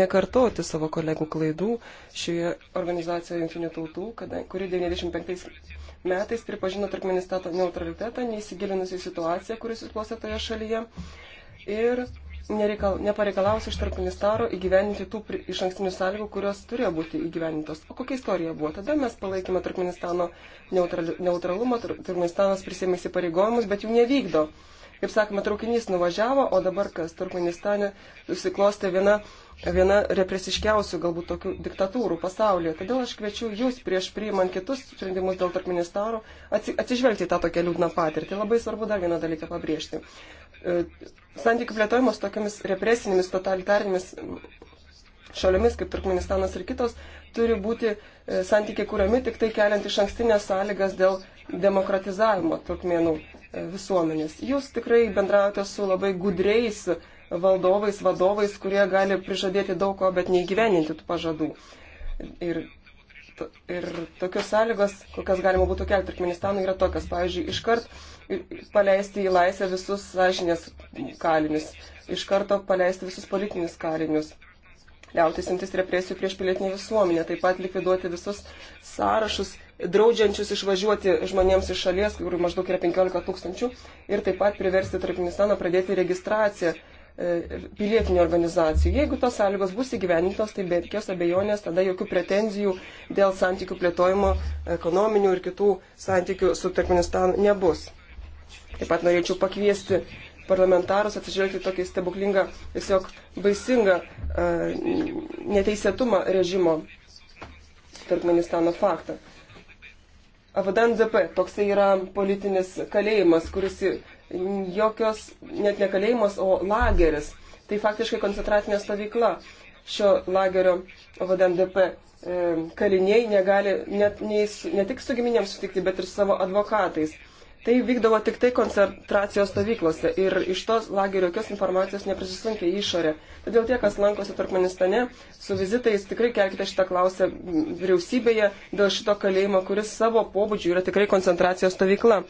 nekartoti savo kolegų klaidų šioje organizacijoje Junktinių tautų, kada, kuri 95 metais pripažino Turkmenistato neutralitetą, neįsigilinusi situaciją, kuris susiklostė toje šalyje. Ir nereikal, nepareikalaus iš Turkmenistaro įgyveninti tų iš ankstinių sąlygų, kurios turėjo būti įgyvenintos. O kokia istorija buvo? Tada mes palaikėme Turkmenistano neutralumą, Turkmenistanas prisėmė įsipareigojimus, bet jų nevykdo. Kaip sakoma, traukinys nuvažiavo, o dabar kas Turkmenistane susiklostė viena, viena represiškiausių galbūt tokių diktatūrų pasaulyje. Todėl aš kviečiu jūs prieš priimant kitus sprendimus dėl Turkmenistano atsižvelgti tą tokią liūdną patirtį. Labai svarbu dar vieną dalyką pabrėžti. E, santykių plėtojimas tokiamis represinėmis, totalitarnėmis šalimis kaip Turkmenistanas ir kitos turi būti e, santykiai kuriami tik tai keliant iš ankstinės sąlygas dėl demokratizavimo turkmenų e, visuomenės. Jūs tikrai bendraujate su labai gudreis valdovais, vadovais, kurie gali prižadėti daug ko, bet neįgyveninti tų pažadų. Ir, ir tokios sąlygos, kokias galima būtų kelti Turkmenistanui, yra tokios. Pavyzdžiui, iškart paleisti į laisvę visus sąžinės kalinius, iš karto paleisti visus politinius kalinius liautis imtis represijų prieš pilietinį visuomenę, taip pat likviduoti visus sąrašus, draudžiančius išvažiuoti žmonėms iš šalies, kur maždaug yra 15 tūkstančių, ir taip pat priversti Turkmenistaną pradėti registraciją e, pilietinių organizacijų. Jeigu tos sąlygos bus įgyvenintos, tai be jokios abejonės tada jokių pretenzijų dėl santykių plėtojimo, ekonominių ir kitų santykių su Turkmenistanu nebus. Taip pat norėčiau pakviesti parlamentarus atsižvelgti tokį stebuklingą, tiesiog baisingą e, neteisėtumą režimo Turkmenistano faktą. Avadan DP, toksai yra politinis kalėjimas, kuris jokios net ne kalėjimas, o lageris. Tai faktiškai koncentracinė stovykla šio lagerio Avadan DP e, kaliniai negali net, ne, ne tik su giminėms sutikti, bet ir savo advokatais. Tai vykdavo tik tai koncentracijos stovyklose ir iš tos lagerio jokios informacijos neprisisunkė į išorę. Todėl tie, kas lankosi Turkmenistane, su vizitais tikrai kelkite šitą klausę vyriausybėje dėl šito kalėjimo, kuris savo pobūdžiu yra tikrai koncentracijos stovykla.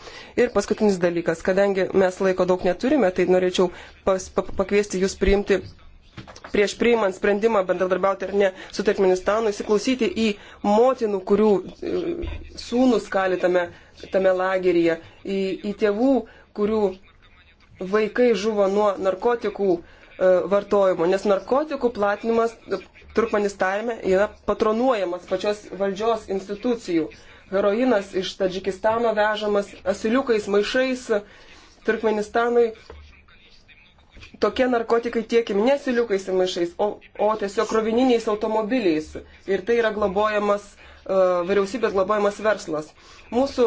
Ir paskutinis dalykas, kadangi mes laiko daug neturime, tai norėčiau pas, pa, pakviesti jūs priimti prieš priimant sprendimą bendradarbiauti ar ne su Turkmenistanu, įsiklausyti į motinų, kurių e, sūnus kali tame, tame lageryje, į, į tėvų, kurių vaikai žuvo nuo narkotikų e, vartojimo, nes narkotikų platinimas e, Turkmenistane yra patronuojamas pačios valdžios institucijų. Heroinas iš Tadžikistano vežamas asiliukais, maišais Turkmenistanui tokie narkotikai tiekiami ne siliukais ir maišais, o, o tiesiog krovininiais automobiliais. Ir tai yra globojamas, uh, vyriausybės globojamas verslas. Mūsų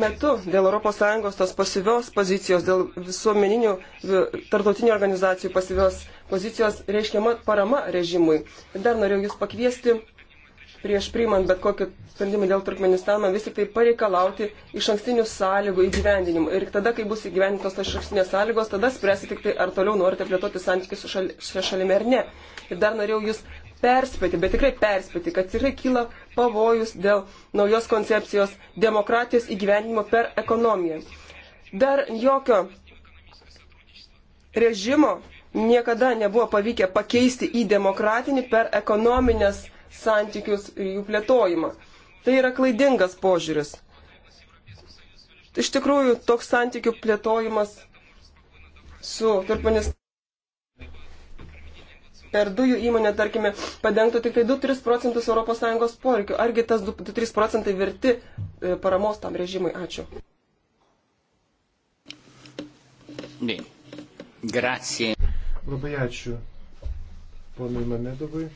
metu dėl ES tos pasyvios pozicijos, dėl visuomeninių, e, tarptautinių organizacijų pasyvios pozicijos reiškiama parama režimui. Dar norėjau Jūs pakviesti prieš priimant bet kokį sprendimą dėl Turkmenistano, vis tik tai pareikalauti iš ankstinių sąlygų įgyvendinimų. Ir tada, kai bus įgyvendintos tos iš ankstinės sąlygos, tada spręsite tik tai, ar toliau norite plėtoti santykius su šal, šia šalimi ar ne. Ir dar norėjau jūs perspėti, bet tikrai perspėti, kad tikrai kyla pavojus dėl naujos koncepcijos demokratijos įgyvendinimo per ekonomiją. Dar jokio režimo niekada nebuvo pavykę pakeisti į demokratinį per ekonominės santykius ir jų plėtojimą. Tai yra klaidingas požiūris. Iš tikrųjų, toks santykių plėtojimas su Turkmenis per dujų įmonę, tarkime, padengtų tik tai 2-3 procentus ES poreikių. Argi tas 2-3 procentai verti e, paramos tam režimui? Ačiū. Bien. Grazie. Labai ačiū ponui Mamedovui.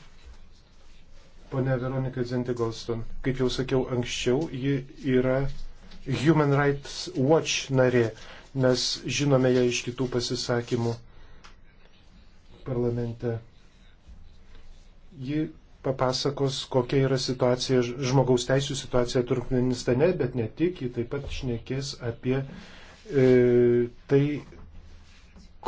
Pone Veronika Zentigolston, kaip jau sakiau anksčiau, ji yra Human Rights Watch narė. Mes žinome ją iš kitų pasisakymų parlamente. Ji papasakos, kokia yra situacija, žmogaus teisų situacija Turkmenistane, bet ne tik, ji taip pat šnekės apie e, tai,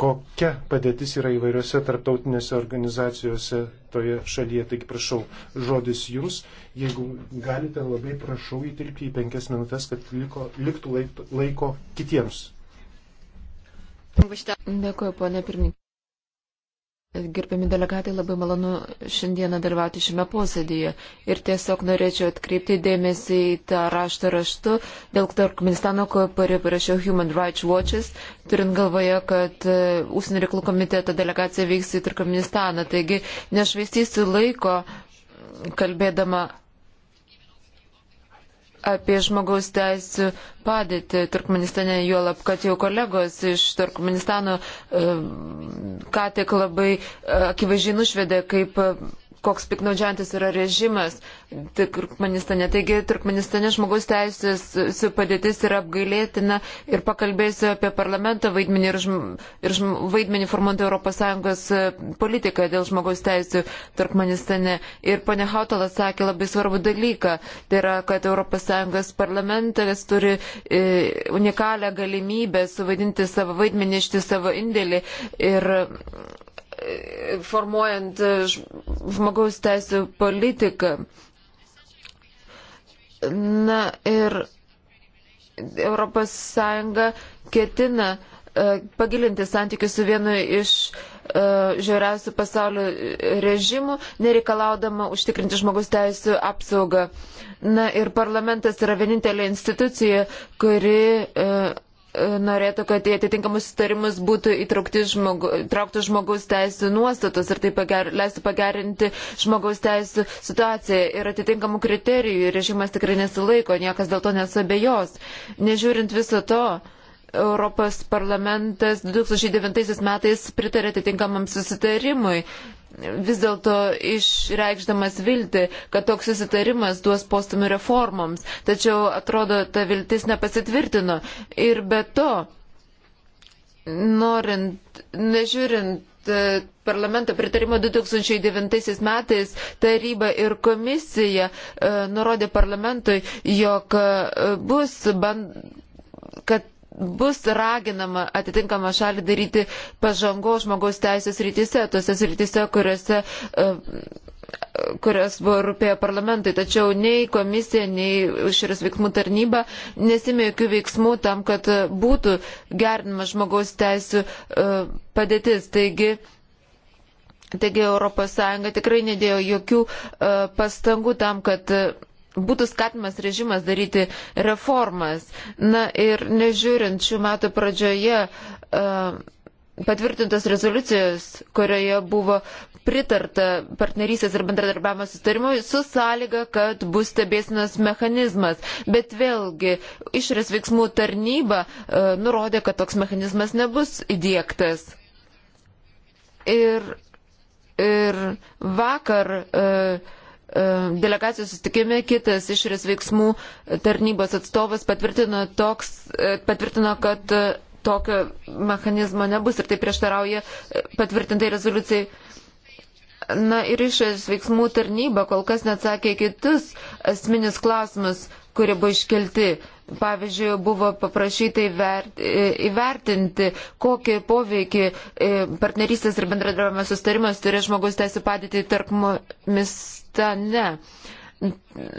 kokia padėtis yra įvairiose tarptautinėse organizacijose toje šalyje. Taigi prašau, žodis jums. Jeigu galite, labai prašau įtilpti į penkias minutės, kad liko, liktų laiko kitiems. Dėkuoju, ponė pirmininkė. Gerbiami delegatai, labai malonu šiandieną dalyvauti šiame posėdėje. Ir tiesiog norėčiau atkreipti dėmesį į tą raštą raštu dėl Turkmenistano, kurį parašiau Human Rights Watches, turint galvoje, kad Ūsienio e, reikalų komiteto delegacija vyks į Turkmenistaną. Taigi nešvaistysiu laiko kalbėdama apie žmogaus teisų padėtį Turkmenistane, juolab, kad jau kolegos iš Turkmenistano e, ką tik labai e, akivaizdžiai nušvedė, kaip koks piknaudžiantis yra režimas Turkmenistane. Taigi Turkmenistane žmogus teisės su padėtis yra apgailėtina ir pakalbėsiu apie parlamento vaidmenį ir, žm, ir žm, vaidmenį formuojant ES e, politiką dėl žmogaus teisų Turkmenistane. Ir ponė Hautalas sakė labai svarbų dalyką, tai yra, kad ES parlamentas turi e, unikalią galimybę suvaidinti savo vaidmenį, išti savo indėlį. Ir, formuojant e, žmogaus teisų politiką. Na ir ES ketina e, pagilinti santykius su vienu iš uh, žiauriausių pasaulio režimų, nereikalaudama užtikrinti žmogus teisų apsaugą. Na ir parlamentas yra vienintelė institucija, kuri uh, norėtų, kad į atitinkamus sutarimus būtų žmogu, įtrauktos žmogaus teisų nuostatos ir tai pager, leistų pagerinti žmogaus teisų situaciją ir atitinkamų kriterijų. Režimas tikrai nesilaiko, niekas dėl to nesabėjos. Nežiūrint viso to, Europos parlamentas 2009 metais pritarė atitinkamam susitarimui vis dėlto išreikšdamas viltį, kad toks susitarimas duos postumį reformoms. Tačiau atrodo, ta viltis nepasitvirtino. Ir be to, norint, nežiūrint e, parlamento pritarimo 2009 metais taryba ir komisija e, nurodė parlamentui, jog e, bus band kad bus raginama atitinkama šalį daryti pažango žmogaus teisės rytise, tose rytise, kuriuose e, kurios buvo rūpėjo parlamentai, tačiau nei komisija, nei išorės veiksmų tarnyba nesimė jokių veiksmų tam, kad būtų gerinama žmogaus teisų e, padėtis. Taigi, taigi ES tikrai nedėjo jokių e, pastangų tam, kad būtų skatimas režimas daryti reformas. Na ir nežiūrint šių metų pradžioje uh, patvirtintos rezoliucijos, kurioje buvo pritarta partnerystės ir bendradarbiavimo sustarimui su sąlyga, kad bus stebėsinas mechanizmas. Bet vėlgi, išrės veiksmų tarnyba e, nurodė, kad toks mechanizmas nebus įdėktas. Ir, ir vakar e, E, delegacijos sustikime kitas išorės veiksmų tarnybos atstovas patvirtino, toks, e, patvirtino kad e, tokio mechanizmo nebus ir tai prieštarauja patvirtintai rezoliucijai. Na ir išorės veiksmų tarnyba kol kas neatsakė kitus asmenius klausimus, kurie buvo iškelti. Pavyzdžiui, buvo paprašyta įvertinti, kokį poveikį partnerystės ir bendradarbiavimo sustarimas turi žmogus teisų padėti tarp mumis kita ne.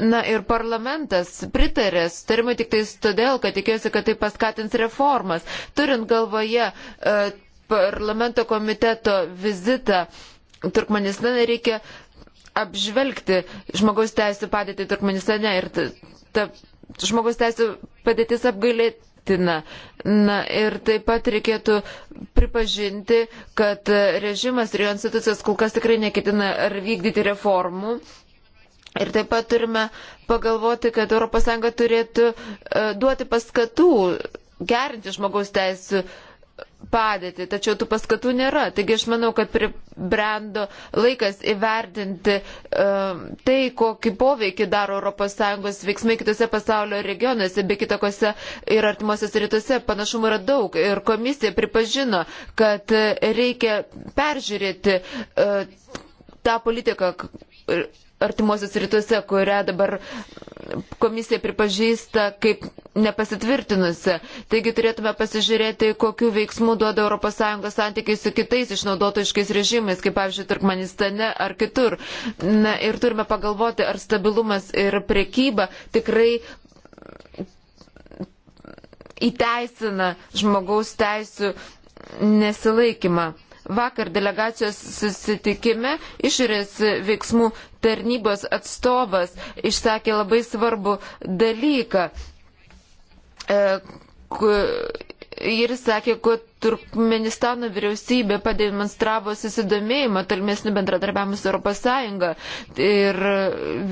Na ir parlamentas pritarė sutarimui tik tais todėl, kad tikėjosi, kad tai paskatins reformas. Turint galvoje e, parlamento komiteto vizitą Turkmenistane, reikia apžvelgti žmogaus teisų padėtį Turkmenistane ir ta, ta žmogaus teisų padėtis apgailėti vertina. Na ir taip pat reikėtų pripažinti, kad režimas ir jo institucijos kol kas tikrai neketina ar vykdyti reformų. Ir taip pat turime pagalvoti, kad ES turėtų e, duoti paskatų gerinti žmogaus teisų padėtį, tačiau tų paskatų nėra. Taigi aš manau, kad pribrendo laikas įvertinti um, tai, kokį poveikį daro ES veiksmai kitose pasaulio regionuose, be kitokose ir artimuosiuose rytuose. Panašumų yra daug ir komisija pripažino, kad reikia peržiūrėti uh, tą politiką artimuosius rytuose, kurią dabar komisija pripažįsta kaip nepasitvirtinusi. Taigi turėtume pasižiūrėti, kokiu veiksmu duoda ES santykiai su kitais išnaudotojiškais režimais, kaip pavyzdžiui, Turkmenistane ar kitur. Na, ir turime pagalvoti, ar stabilumas ir prekyba tikrai įteisina žmogaus teisų nesilaikymą. Vakar delegacijos susitikime išorės veiksmų tarnybos atstovas išsakė labai svarbų dalyką. E, ir sakė, kad Turkmenistano vyriausybė pademonstravo susidomėjimą tolimesnių bendradarbiavimų su ES. Ir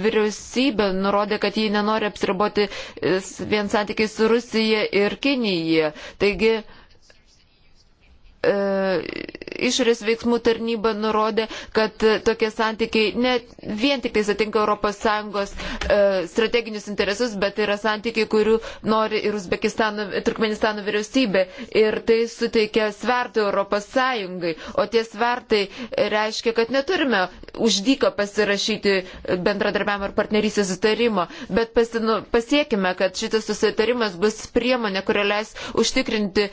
vyriausybė nurodė, kad jie nenori apsiriboti e, vien santykiai su Rusija ir Kinija. Taigi, uh, E, išorės veiksmų tarnyba nurodė, kad tokie santykiai ne vien tik tai satinka ES e, strateginius interesus, bet yra santykiai, kurių nori ir Uzbekistano, Turkmenistano vyriausybė. Ir tai suteikia svertų ES. O tie svertai reiškia, kad neturime uždyką pasirašyti bendradarbiavimo ir partnerysės sutarimo, bet pasinu, pasiekime, kad šitas susitarimas bus priemonė, kuria leis užtikrinti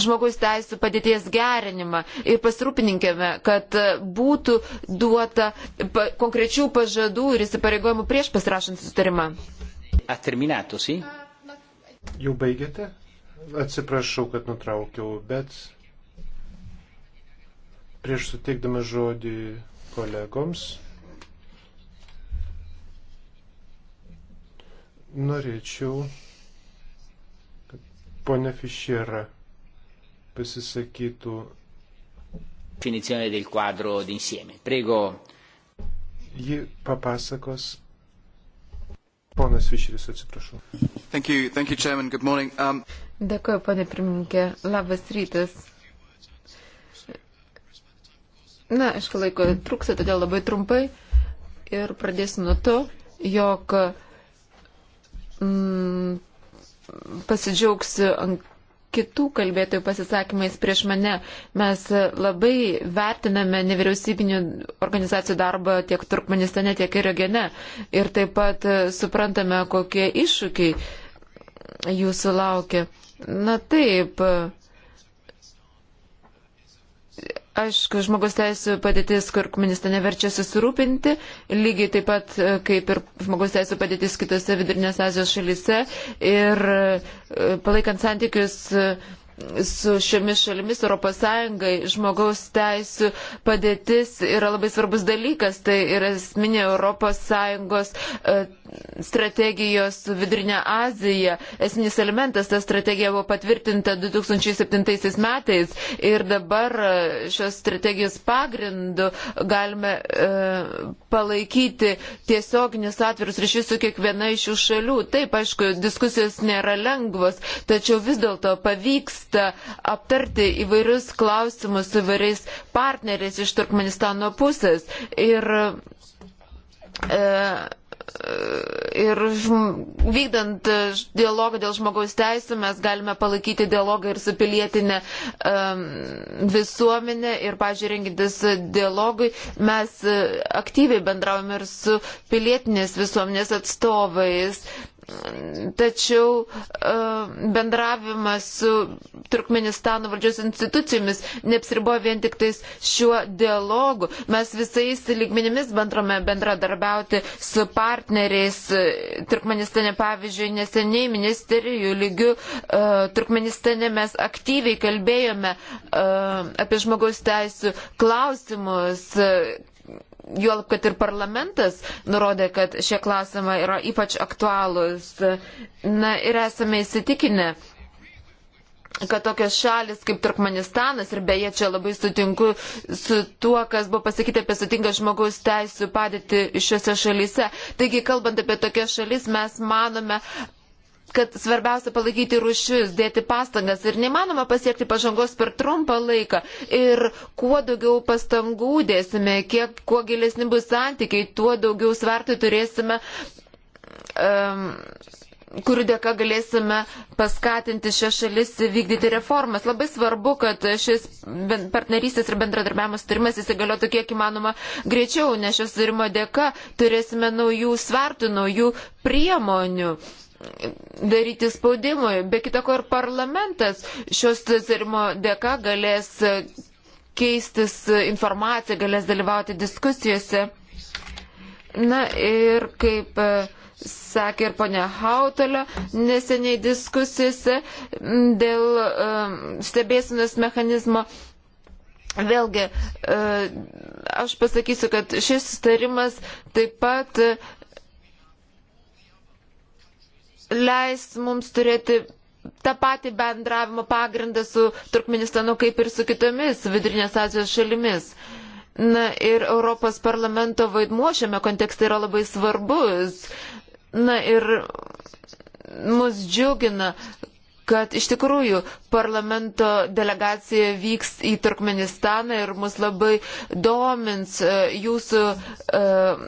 žmogus teisų padėti padėties gerinimą ir pasirūpininkėme, kad būtų duota konkrečių pažadų ir įsipareigojimų prieš pasirašant sustarimą. Sì? Jau baigėte? Atsiprašau, kad nutraukiau, bet prieš suteikdama žodį kolegoms norėčiau, kad ponia Fišėra pasisakytų. Definizione del quadro d'insieme. Prego. Ji papasakos. Ponas Višris, atsiprašau. Thank you, thank you, Chairman. Good morning. Um... Dėkuoju, ponė pirmininkė. Labas rytas. Na, aišku, laiko trūksta, todėl labai trumpai. Ir pradėsiu nuo to, jog mm, pasidžiaugsiu kitų kalbėtojų pasisakymais prieš mane. Mes labai vertiname nevyriausybinių organizacijų darbą tiek Turkmenistane, tiek ir regione. Ir taip pat suprantame, kokie iššūkiai jūsų laukia. Na taip, Aišku, žmogus teisų padėtis Turkmenistane verčia susirūpinti, lygiai taip pat e, kaip ir žmogus teisų padėtis kitose vidurinės Azijos šalyse ir e, palaikant santykius e, su šiomis šalimis ES žmogaus teisų padėtis yra labai svarbus dalykas. Tai yra esminė ES e, strategijos vidurinė Azija. Esminis elementas, ta strategija buvo patvirtinta 2007 metais ir dabar e, šios strategijos pagrindu galime e, palaikyti tiesioginius atvirus ryšius su kiekviena iš šių šalių. Taip, aišku, diskusijos nėra lengvos, tačiau vis dėlto pavyksta vyksta, aptarti įvairius klausimus su įvairiais partneriais iš Turkmenistano pusės. Ir, e, ir vykdant dialogą dėl žmogaus teisų mes galime palaikyti dialogą ir su pilietinė um, visuomenė ir, pažiūrėjau, rengintis dialogui, mes aktyviai bendraujame ir su pilietinės visuomenės atstovais. Tačiau e, bendravimas su Turkmenistano valdžios institucijomis neapsiriboja vien tik tais šiuo dialogu. Mes visais lygmenimis bandrome bendradarbiauti su partneriais. E, Turkmenistane, pavyzdžiui, neseniai ministerijų lygių e, Turkmenistane mes aktyviai kalbėjome apie žmogaus teisų klausimus, Juolab, kad ir parlamentas nurodė, kad šie klausimai yra ypač aktualūs. Na ir esame įsitikinę, kad tokios šalis kaip Turkmenistanas ir beje čia labai sutinku su tuo, kas buvo pasakyta apie sutinką žmogaus teisų padėti šiuose šalyse. Taigi, kalbant apie tokias šalis, mes manome, kad svarbiausia palaikyti rušius, dėti pastangas ir nemanoma pasiekti pažangos per trumpą laiką. Ir kuo daugiau pastangų dėsime, kiek, kuo gilesni bus santykiai, tuo daugiau svertai turėsime. Um, kurių dėka galėsime paskatinti šią šalis vykdyti reformas. Labai svarbu, kad šis partnerystės ir bendradarbiavimas turimas įsigaliotų kiek įmanoma greičiau, nes šios turimo dėka turėsime naujų svertų, naujų priemonių. Uh, daryti spaudimui. Be kitako ir parlamentas šios susitarimo dėka galės keistis informaciją, galės dalyvauti diskusijose. Na ir kaip e, sakė ir ponia Hautelė neseniai diskusijose dėl um, stebėsinos mechanizmo. Vėlgi, e, aš pasakysiu, kad šis sustarimas taip pat leis mums turėti tą patį bendravimo pagrindą su Turkmenistanu kaip ir su kitomis Vidurinės Azijos šalimis. Na ir Europos parlamento vaidmuo šiame kontekste yra labai svarbus. Na ir mus džiugina, kad iš tikrųjų parlamento delegacija vyks į Turkmenistaną ir mus labai domins e, jūsų uh,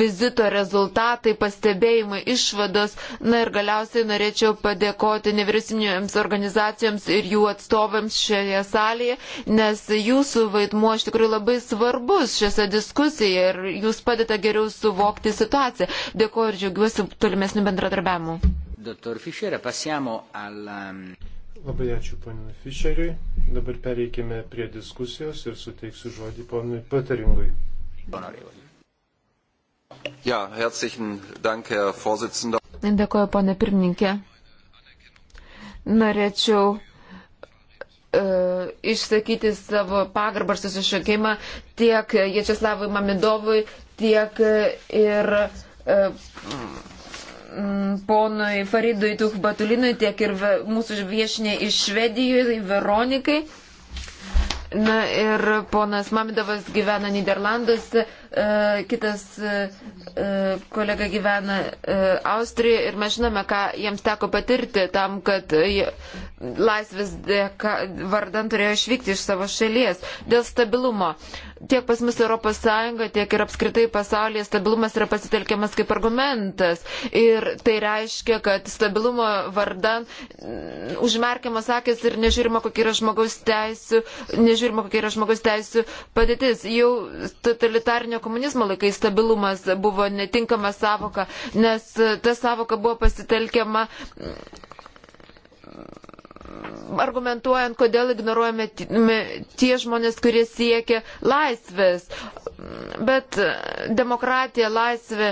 vizito rezultatai, pastebėjimai, išvados. Na ir galiausiai norėčiau padėkoti nevyriausybinėms organizacijoms ir jų atstovams šioje salėje, nes jūsų vaidmuo iš tikrųjų labai svarbus šiose diskusijoje ir jūs padeda geriau suvokti situaciją. Dėkuoju ir džiaugiuosi tolimesniu bendradarbiavimu dottor Fischer. Passiamo alla. Ehm, Labai ačiū ponui Fischeriui. Dabar pereikime prie diskusijos ir suteiksiu žodį ponui Pataringui. Ja, herzlichen Dank, Herr Vorsitzender. Dėkuoju, ponė pirmininkė. Norėčiau e, išsakyti savo pagarbą ir susišokimą tiek Ječeslavui Mamidovui, tiek ir e, Mm, ponui Faridui Tuhbatulinui, tiek ir mūsų viešinė iš Švedijoje, Veronikai. Na ir ponas Mamidovas gyvena Niderlanduose. E, kitas e, e, kolega gyvena Austrijoje ir mes žinome, ką jiems teko patirti tam, kad laisvės dėka, vardan turėjo išvykti iš savo šalies. Dėl stabilumo. Tiek pas mus ES, tiek ir apskritai pasaulyje stabilumas yra pasitelkiamas kaip argumentas. Ir tai reiškia, kad stabilumo vardan užmerkiamas akis ir nežiūrima, kokia yra žmogaus teisų, nežiūrima, kokia yra žmogaus teisų padėtis. Jau totalitarnio komunizmo laikais stabilumas buvo netinkama savoka, nes e, ta savoka buvo pasitelkiama mm, argumentuojant, kodėl ignoruojame tie žmonės, kurie siekia laisvės. Mm, bet e, demokratija, laisvė.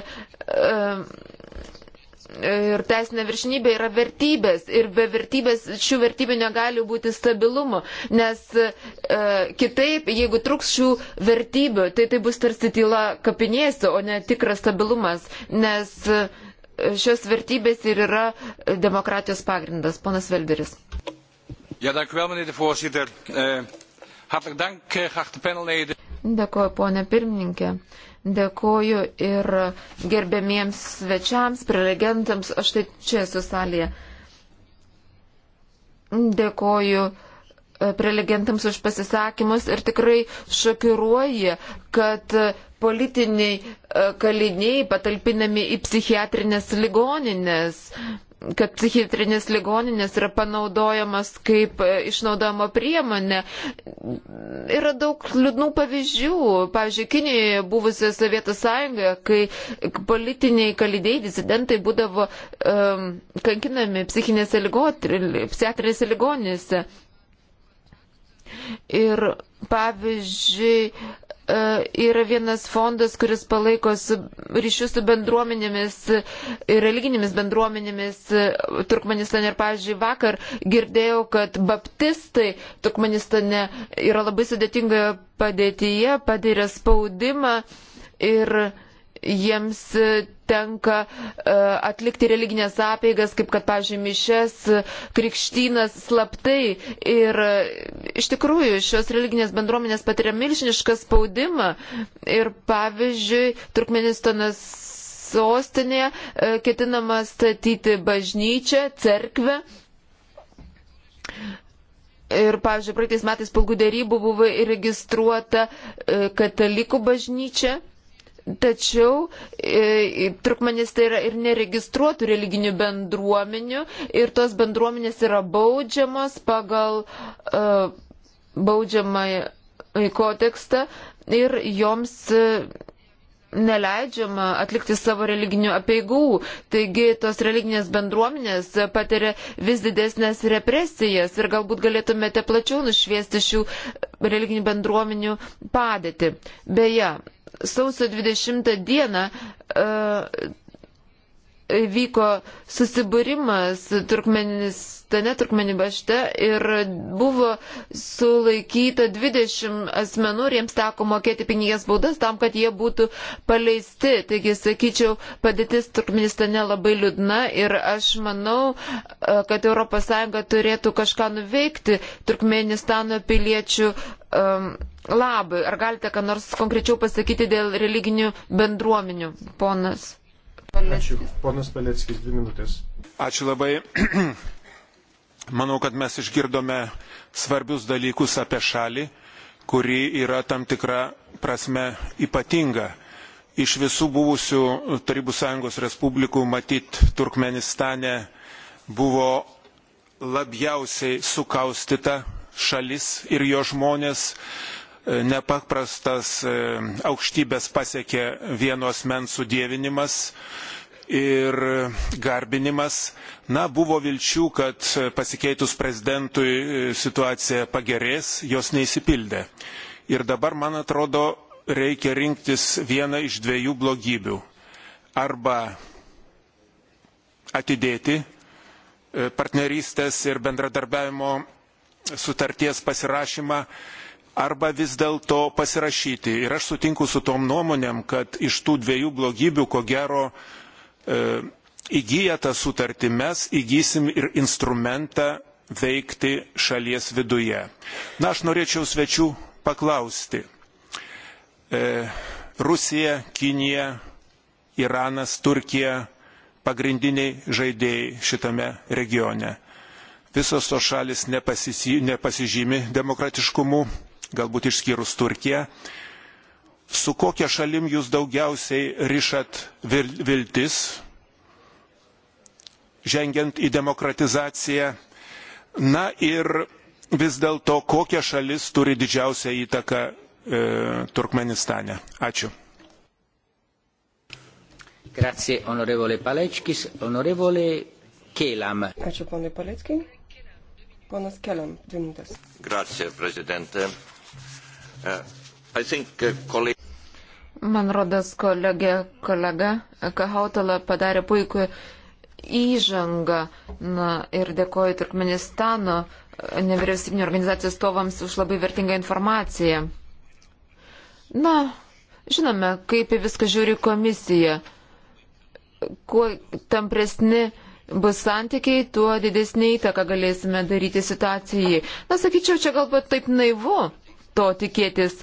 Uh, ir teisinė viršinybė yra vertybės ir be vertybės šių vertybių negali būti stabilumo, nes e, kitaip, jeigu truks šių vertybių, tai tai bus tarsi tyla kapinėse, o ne tikras stabilumas, nes e, šios vertybės ir yra demokratijos pagrindas. Ponas Velderis. Ja, dank u wel, meneer de voorzitter. Uh, hartelijk dank, eh, geachte panelleden. Dėkuoju, ponė pirmininkė. Uh, Dėkoju ir gerbėmiems svečiams, prelegentams, aš tai čia esu salėje. Dėkoju e, prelegentams už pasisakymus ir tikrai šokiruoja, kad politiniai e, kaliniai patalpinami į psichiatrinės ligoninės kad psichiatrinės ligoninės yra panaudojamas kaip e, išnaudojama priemonė. Yra daug liūdnų pavyzdžių. Pavyzdžiui, Kinijoje buvusioje Sovietų sąjungoje, kai politiniai kalidėjai, disidentai būdavo um, kankinami psichinėse psichiatrinėse ligoninėse. Ir pavyzdžiui, E, yra vienas fondas, kuris palaiko ryšius su bendruomenėmis, e, religinėmis bendruomenėmis e, Turkmenistane. Ir, pavyzdžiui, vakar girdėjau, kad baptistai Turkmenistane yra labai sudėtingoje padėtyje, patiria spaudimą ir jiems e, tenka e, atlikti religinės apeigas, kaip kad, pavyzdžiui, mišes, e, krikštynas slaptai. Ir iš tikrųjų šios religinės bendruomenės patiria milžinišką spaudimą. Ir, pavyzdžiui, Turkmenistanas sostinėje ketinama statyti bažnyčią, cerkvę. Ir, pavyzdžiui, praeitais metais pulgų dėrybų buvo įregistruota katalikų bažnyčia. Tačiau e, Turkmenistai yra ir neregistruotų religinių bendruomenių ir tos bendruomenės yra baudžiamas pagal e, baudžiamąjį e, kodekstą ir joms e, neleidžiama atlikti savo religinių apieigų. Taigi tos religinės bendruomenės patiria vis didesnės represijas ir galbūt galėtumėte plačiau nušviesti šių religinių bendruomenių padėtį. Beje, sausio 20 dieną e, vyko susibūrimas Turkmenistane, Turkmenibašte ir buvo sulaikyta 20 asmenų ir jiems teko mokėti pinigas baudas tam, kad jie būtų paleisti. Taigi, sakyčiau, padėtis Turkmenistane labai liūdna ir aš manau, e, kad ES turėtų kažką nuveikti Turkmenistano piliečių. Um, labui. Ar galite ką nors konkrečiau pasakyti dėl religinių bendruomenių, ponas? Paleckis. Ačiū. Ponas Paleckis, dvi minutės. Ačiū labai. Manau, kad mes išgirdome svarbius dalykus apie šalį, kuri yra tam tikra prasme ypatinga. Iš visų buvusių Tarybų sąjungos respublikų matyt Turkmenistane buvo labiausiai sukaustyta šalis ir jo žmonės E, nepaprastas e, aukštybės pasiekė vienos mens sudėvinimas ir garbinimas. Na, buvo vilčių, kad pasikeitus prezidentui e, situacija pagerės, jos neįsipildė. Ir dabar, man atrodo, reikia rinktis vieną iš dviejų blogybių. Arba atidėti partnerystės ir bendradarbiavimo sutarties pasirašymą arba vis dėlto pasirašyti. Ir aš sutinku su tom nuomonėm, kad iš tų dviejų blogybių, ko gero, e, įgyję tą sutartį mes įgysim ir instrumentą veikti šalies viduje. Na, aš norėčiau svečių paklausti. E, Rusija, Kinija, Iranas, Turkija pagrindiniai žaidėjai šitame regione visos tos šalis nepasižymi demokratiškumu galbūt išskyrus Turkiją, su kokia šalim jūs daugiausiai ryšat viltis, žengiant į demokratizaciją. Na ir vis dėlto, kokia šalis turi didžiausią įtaką e, Turkmenistane. Ačiū. Grazie, onorevole Palečkis. Onorevole Kelam. Ačiū, ponai Palečkiai. Ponas Kelam, dvi minutės. Grazie, prezidente. Uh, uh, Man rodas, kolegė, kolega Kahautala padarė puikų įžangą na, ir dėkoju Turkmenistano nevyriausybinio organizacijos stovams už labai vertingą informaciją. Na, žinome, kaip į viską žiūri komisija. Kuo tampresni bus santykiai, tuo didesnį įtaką galėsime daryti situacijai. Na, sakyčiau, čia galbūt taip naivu to tikėtis.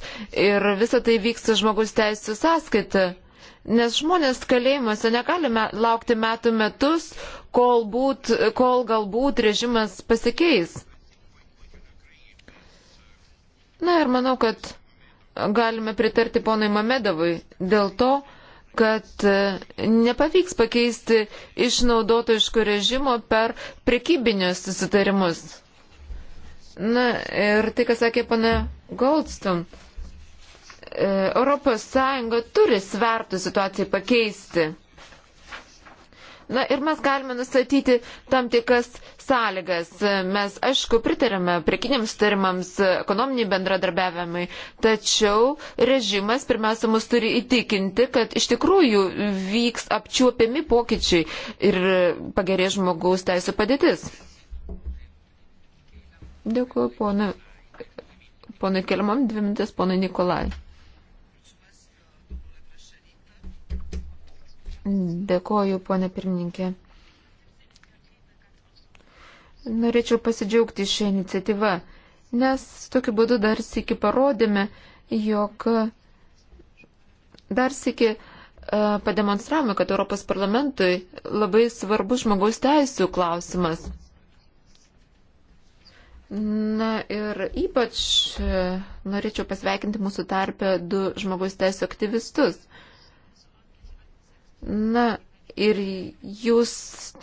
Ir visa tai vyksta žmogus teisų sąskaita. Nes žmonės kalėjimuose negalime laukti metų metus, kol, būt, kol galbūt režimas pasikeis. Na ir manau, kad galime pritarti ponui Mamedovui dėl to, kad e, nepavyks pakeisti išnaudotojiškų režimo per prekybinius susitarimus. Na ir tai, kas sakė pana Goldstone, e, Europos Sąjunga turi svertų situacijai pakeisti. Na ir mes galime nustatyti tam tikras sąlygas. Mes, aišku, pritarėme priekiniams tarimams, ekonominiai bendradarbiavimai, tačiau režimas pirmiausia mus turi įtikinti, kad iš tikrųjų vyks apčiuopiami pokyčiai ir pagerės žmogaus teisų padėtis. Dėkuoju ponui, ponui Kelmam, dvi minutės ponui Nikolai. Dėkuoju, ponė pirmininkė. Norėčiau pasidžiaugti šią iniciatyvą, nes tokiu būdu dar sėki parodėme, jog dar sėki e, pademonstravome, kad Europos parlamentui labai svarbus žmogaus teisų klausimas. Na ir ypač e, norėčiau pasveikinti mūsų tarpę du žmogus teisų aktyvistus. Na ir jūs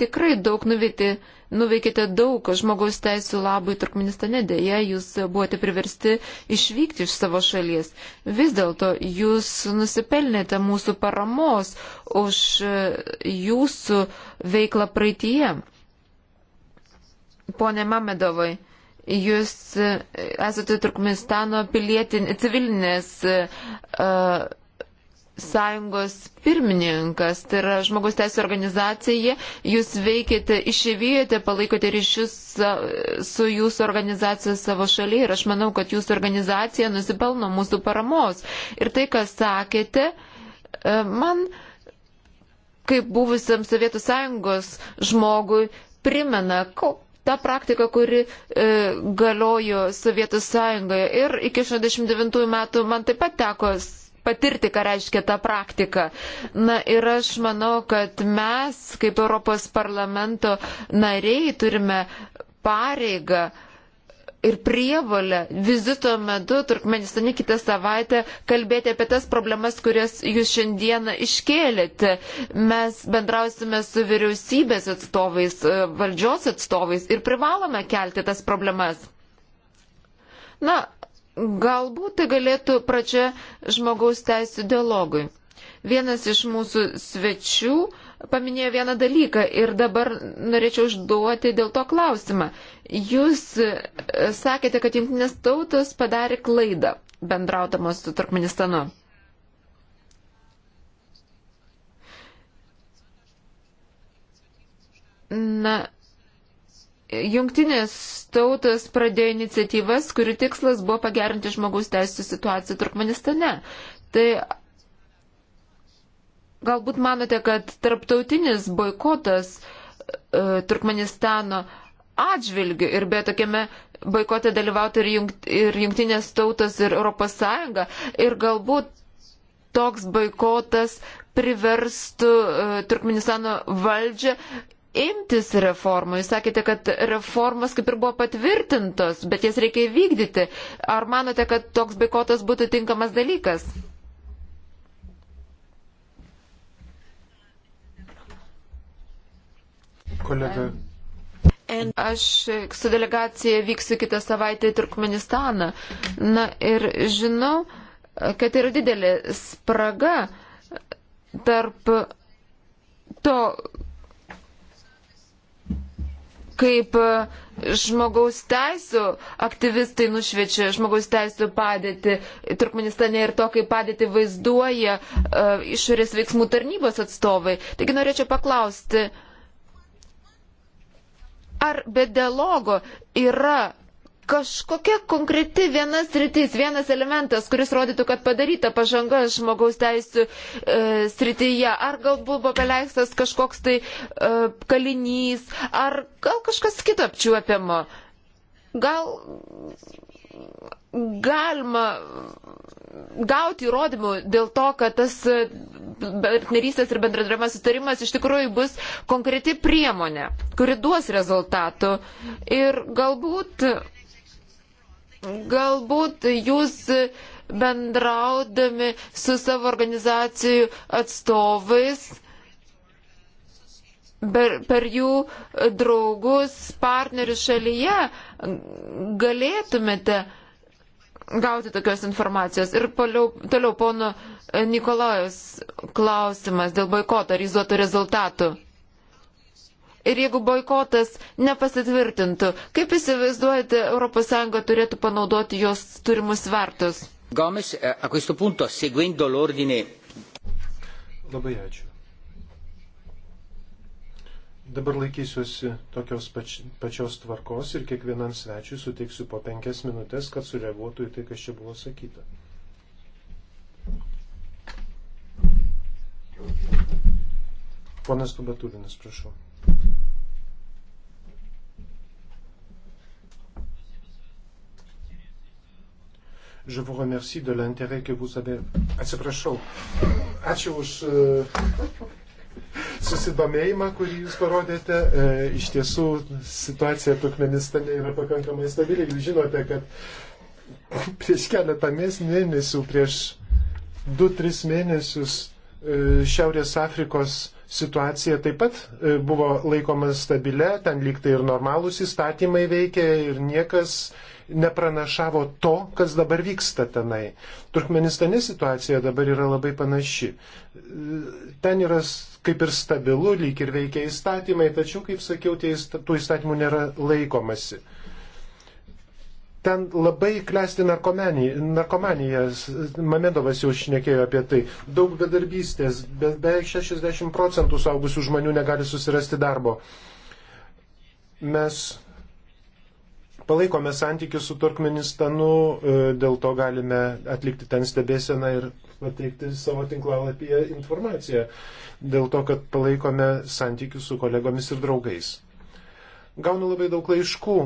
tikrai daug nuveikti, nuveikite daug žmogaus teisų labui Turkmenistane, dėja jūs buvote priversti išvykti iš savo šalies. Vis dėlto jūs nusipelnėte mūsų paramos už e, jūsų veiklą praeitie. Pone Mamedovai, Jūs e, esate Turkmenistano pilietinės civilinės uh, sąjungos pirmininkas, tai yra žmogus teisų organizacija, jūs veikite, išėvėjote, palaikote ryšius su jūsų organizacija savo šalyje ir aš manau, kad jūsų organizacija nusipelno mūsų paramos. Ir tai, ką sakėte, man kaip buvusiam Sovietų sąjungos žmogui primena, ta praktika, kuri e, galiojo Sovietų sąjungoje. Ir iki 69 metų man taip pat teko patirti, ką reiškia ta praktika. Na ir aš manau, kad mes, kaip Europos parlamento nariai, turime pareigą ir prievalę vizito metu Turkmenistane kitą savaitę kalbėti apie tas problemas, kurias jūs šiandieną iškėlėte. Mes bendrausime su vyriausybės atstovais, e, valdžios atstovais ir privalome kelti tas problemas. Na, galbūt tai galėtų pradžia žmogaus teisų dialogui. Vienas iš mūsų svečių paminėjo vieną dalyką ir dabar norėčiau užduoti dėl to klausimą. Jūs e, sakėte, kad jungtinės tautos padarė klaidą bendraudamos su Turkmenistanu. Na, jungtinės tautos pradėjo iniciatyvas, kurių tikslas buvo pagerinti žmogaus teisų situaciją Turkmenistane. Tai galbūt manote, kad tarptautinis boikotas e, Turkmenistano e, atžvilgių ir be tokiame boikote dalyvauti ir, jungt, ir jungtinės tautos ir ES ir galbūt toks boikotas priverstų uh, Turkmenistano valdžią imtis reformų. Jūs sakėte, kad reformos kaip ir buvo patvirtintos, bet jas reikia įvykdyti. Ar manote, kad toks boikotas būtų tinkamas dalykas? Kolega Aš su delegacija vyksiu kitą savaitę į Turkmenistaną. Na ir žinau, kad yra didelė spraga tarp to, kaip žmogaus teisų aktyvistai nušvečia žmogaus teisų padėti Turkmenistane ir to, kaip padėti vaizduoja uh, išorės veiksmų tarnybos atstovai. Taigi norėčiau paklausti, uh, ar be dialogo yra kažkokia konkreti vienas rytis, vienas elementas, kuris rodytų, kad padaryta pažanga žmogaus teisų e, srityje, ar galbūt buvo paleistas kažkoks tai e, kalinys, ar gal kažkas kita apčiuopiama. Gal galima gauti įrodymų dėl to, kad tas e, partnerystės ir bendradarbiavimas sutarimas iš tikrųjų bus konkreti priemonė, kuri duos rezultatų. Ir galbūt, galbūt jūs bendraudami su savo organizacijų atstovais per, per jų draugus, partnerius šalyje galėtumėte uh, gauti tokios informacijos. Ir paliau, toliau pono e, Nikolajos klausimas dėl boikoto, ar jis duotų rezultatų. Ir jeigu boikotas nepasitvirtintų, kaip įsivaizduojate, ES turėtų panaudoti jos turimus vertus? Gomes, e, a questo punto, seguendo l'ordine. Labai ačiū. Dabar laikysiuosi tokios pač, pačios tvarkos ir kiekvienam svečiui suteiksiu po penkias minutės, kad sureaguotų į tai, kas čia buvo sakyta. Ponas Tubatulinas, prašau. Je vous remercie de l'intérêt que vous avez. Atsiprašau. Ačiū už. Uh susidomėjimą, kurį jūs parodėte. E, iš tiesų situacija Turkmenistane yra pakankamai stabili. Jūs žinote, kad prieš keletą mėnesių, prieš 2-3 mėnesius e, Šiaurės Afrikos situacija taip pat e, buvo laikoma stabilia, ten lyg tai ir normalūs įstatymai veikia ir niekas nepranašavo to, kas dabar vyksta tenai. Turkmenistane situacija dabar yra labai panaši. Ten yra kaip ir stabilu, lyg ir veikia įstatymai, tačiau, kaip sakiau, tų įstatymų nėra laikomasi. Ten labai klesti narkomanija, Mamedovas jau šnekėjo apie tai, daug bedarbystės, bet beveik 60 procentų saugusių žmonių negali susirasti darbo. Mes palaikome santykius su Turkmenistanu, e, dėl to galime atlikti ten stebėseną ir pateikti savo tinklalapyje informaciją, dėl to, kad palaikome santykius su kolegomis ir draugais. Gaunu labai daug laiškų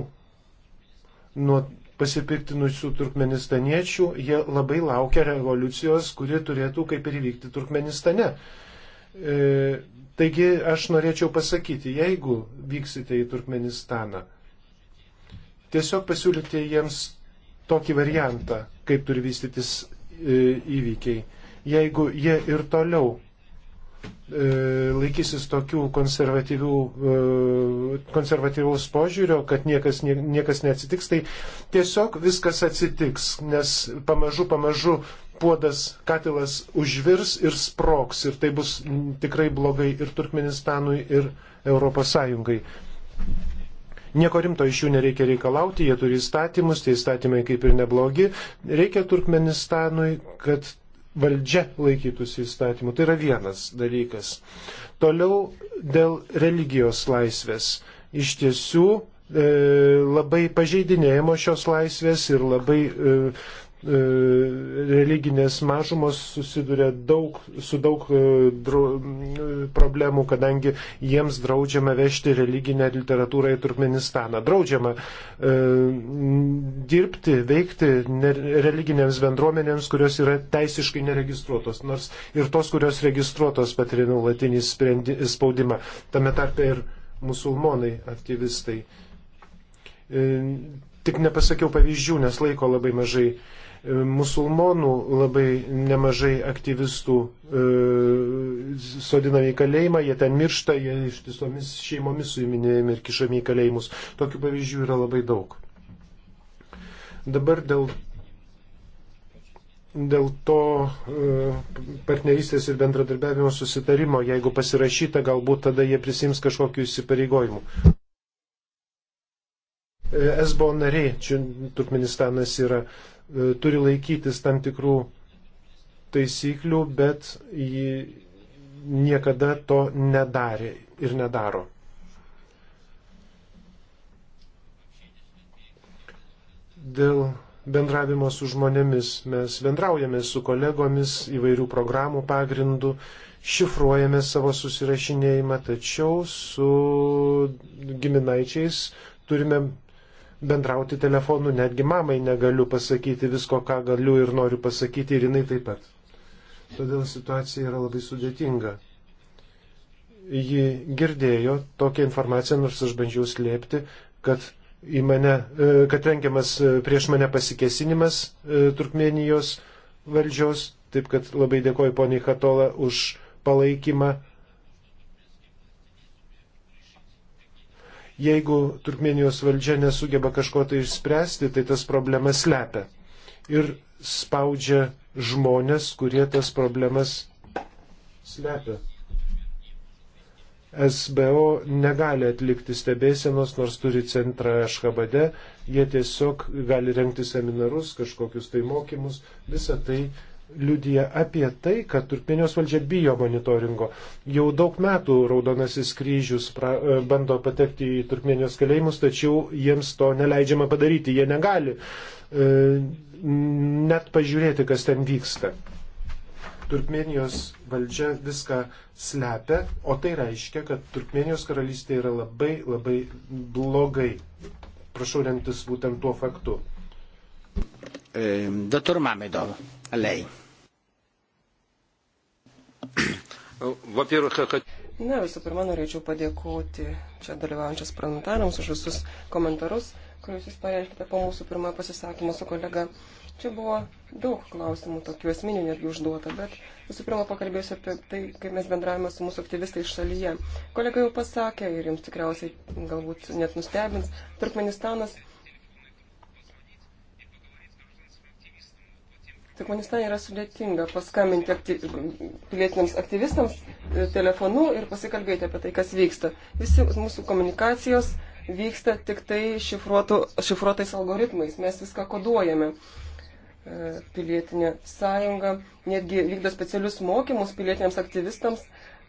nuo pasipiktinusių turkmenistaniečių, jie labai laukia revoliucijos, kuri turėtų kaip ir įvykti Turkmenistane. E, taigi aš norėčiau pasakyti, jeigu vyksite į Turkmenistaną, Tiesiog pasiūlyti jiems tokį variantą, kaip turi vystytis e, įvykiai. Jeigu jie ir toliau e, laikysis tokių e, konservatyvaus požiūrio, kad niekas, niekas neatsitiks, tai tiesiog viskas atsitiks, nes pamažu, pamažu puodas katilas užvirs ir sproks ir tai bus tikrai blogai ir Turkmenistanui, ir Europos Sąjungai. Nieko rimto iš jų nereikia reikalauti, jie turi įstatymus, tie įstatymai kaip ir neblogi. Reikia Turkmenistanui, kad valdžia laikytųsi įstatymų. Tai yra vienas dalykas. Toliau dėl religijos laisvės. Iš tiesų e, labai pažeidinėjimo šios laisvės ir labai e, E, religinės mažumos susiduria daug, su daug e, dru, e, problemų, kadangi jiems draudžiama vežti religinę literatūrą į Turkmenistaną. Draudžiama e, dirbti, veikti religinėms bendruomenėms, kurios yra teisiškai neregistruotos, nors ir tos, kurios registruotos patiria nuolatinį spaudimą, tame tarpe ir musulmonai aktyvistai. E, tik nepasakiau pavyzdžių, nes laiko labai mažai. E, E, musulmonų labai nemažai aktyvistų e, sodinami į kalėjimą, jie ten miršta, jie ištisomis šeimomis suiminėjami ir kišami į kalėjimus. Tokių pavyzdžių yra labai daug. Dabar dėl dėl to e, partnerystės ir bendradarbiavimo susitarimo, jeigu pasirašyta, galbūt tada jie prisims kažkokiu įsipareigojimu. Esbo nariai, čia Turkmenistanas yra E, turi laikytis tam tikrų taisyklių, bet ji niekada to nedarė ir nedaro. Dėl bendravimo su žmonėmis mes bendraujame su kolegomis įvairių programų pagrindų, šifruojame savo susirašinėjimą, tačiau su giminaičiais turime bendrauti telefonu, netgi mamai negaliu pasakyti visko, ką galiu ir noriu pasakyti, ir jinai taip pat. Todėl situacija yra labai sudėtinga. Ji girdėjo tokią informaciją, nors aš bandžiau slėpti, kad, mane, e, kad rengiamas e, prieš mane pasikesinimas e, Turkmenijos valdžios, taip kad labai dėkoju poniai Hatola už palaikymą Jeigu Turkmenijos valdžia nesugeba kažko tai išspręsti, tai tas problemas slepia ir spaudžia žmonės, kurie tas problemas slepia. SBO negali atlikti stebėsienos, nors turi centrą Aškabade, jie tiesiog gali renkti seminarus, kažkokius tai mokymus, visa tai liudija apie tai, kad Turkmenijos valdžia bijo monitoringo. Jau daug metų Raudonasis kryžius pra, e, bando patekti į Turkmenijos kalėjimus, tačiau jiems to neleidžiama padaryti. Jie negali e, net pažiūrėti, kas ten vyksta. Turkmenijos valdžia viską slepia, o tai reiškia, kad Turkmenijos karalystė yra labai, labai blogai. Prašau remtis būtent tuo faktu. E, Dr. Mamedov. A lei. Na, visų pirma, norėčiau padėkoti čia dalyvaujančias planetarams už visus komentarus, kuriuos jūs pareiškite po mūsų pirmojo pasisakymo su kolega. Čia buvo daug klausimų, tokių esminių netgi užduota, bet visų pirma pakalbėsiu apie tai, kaip mes bendravome su mūsų aktyvistais šalyje. Kolega jau pasakė ir jums tikriausiai galbūt net nustebins, Turkmenistanas Turkmenistane yra sudėtinga paskambinti akti, pilietiniams aktyvistams e, telefonu ir pasikalbėti apie tai, kas vyksta. Visi mūsų komunikacijos vyksta tik tai šifruotų, šifruotais algoritmais. Mes viską koduojame. E, pilietinė sąjunga netgi vykdo specialius mokymus pilietiniams aktyvistams,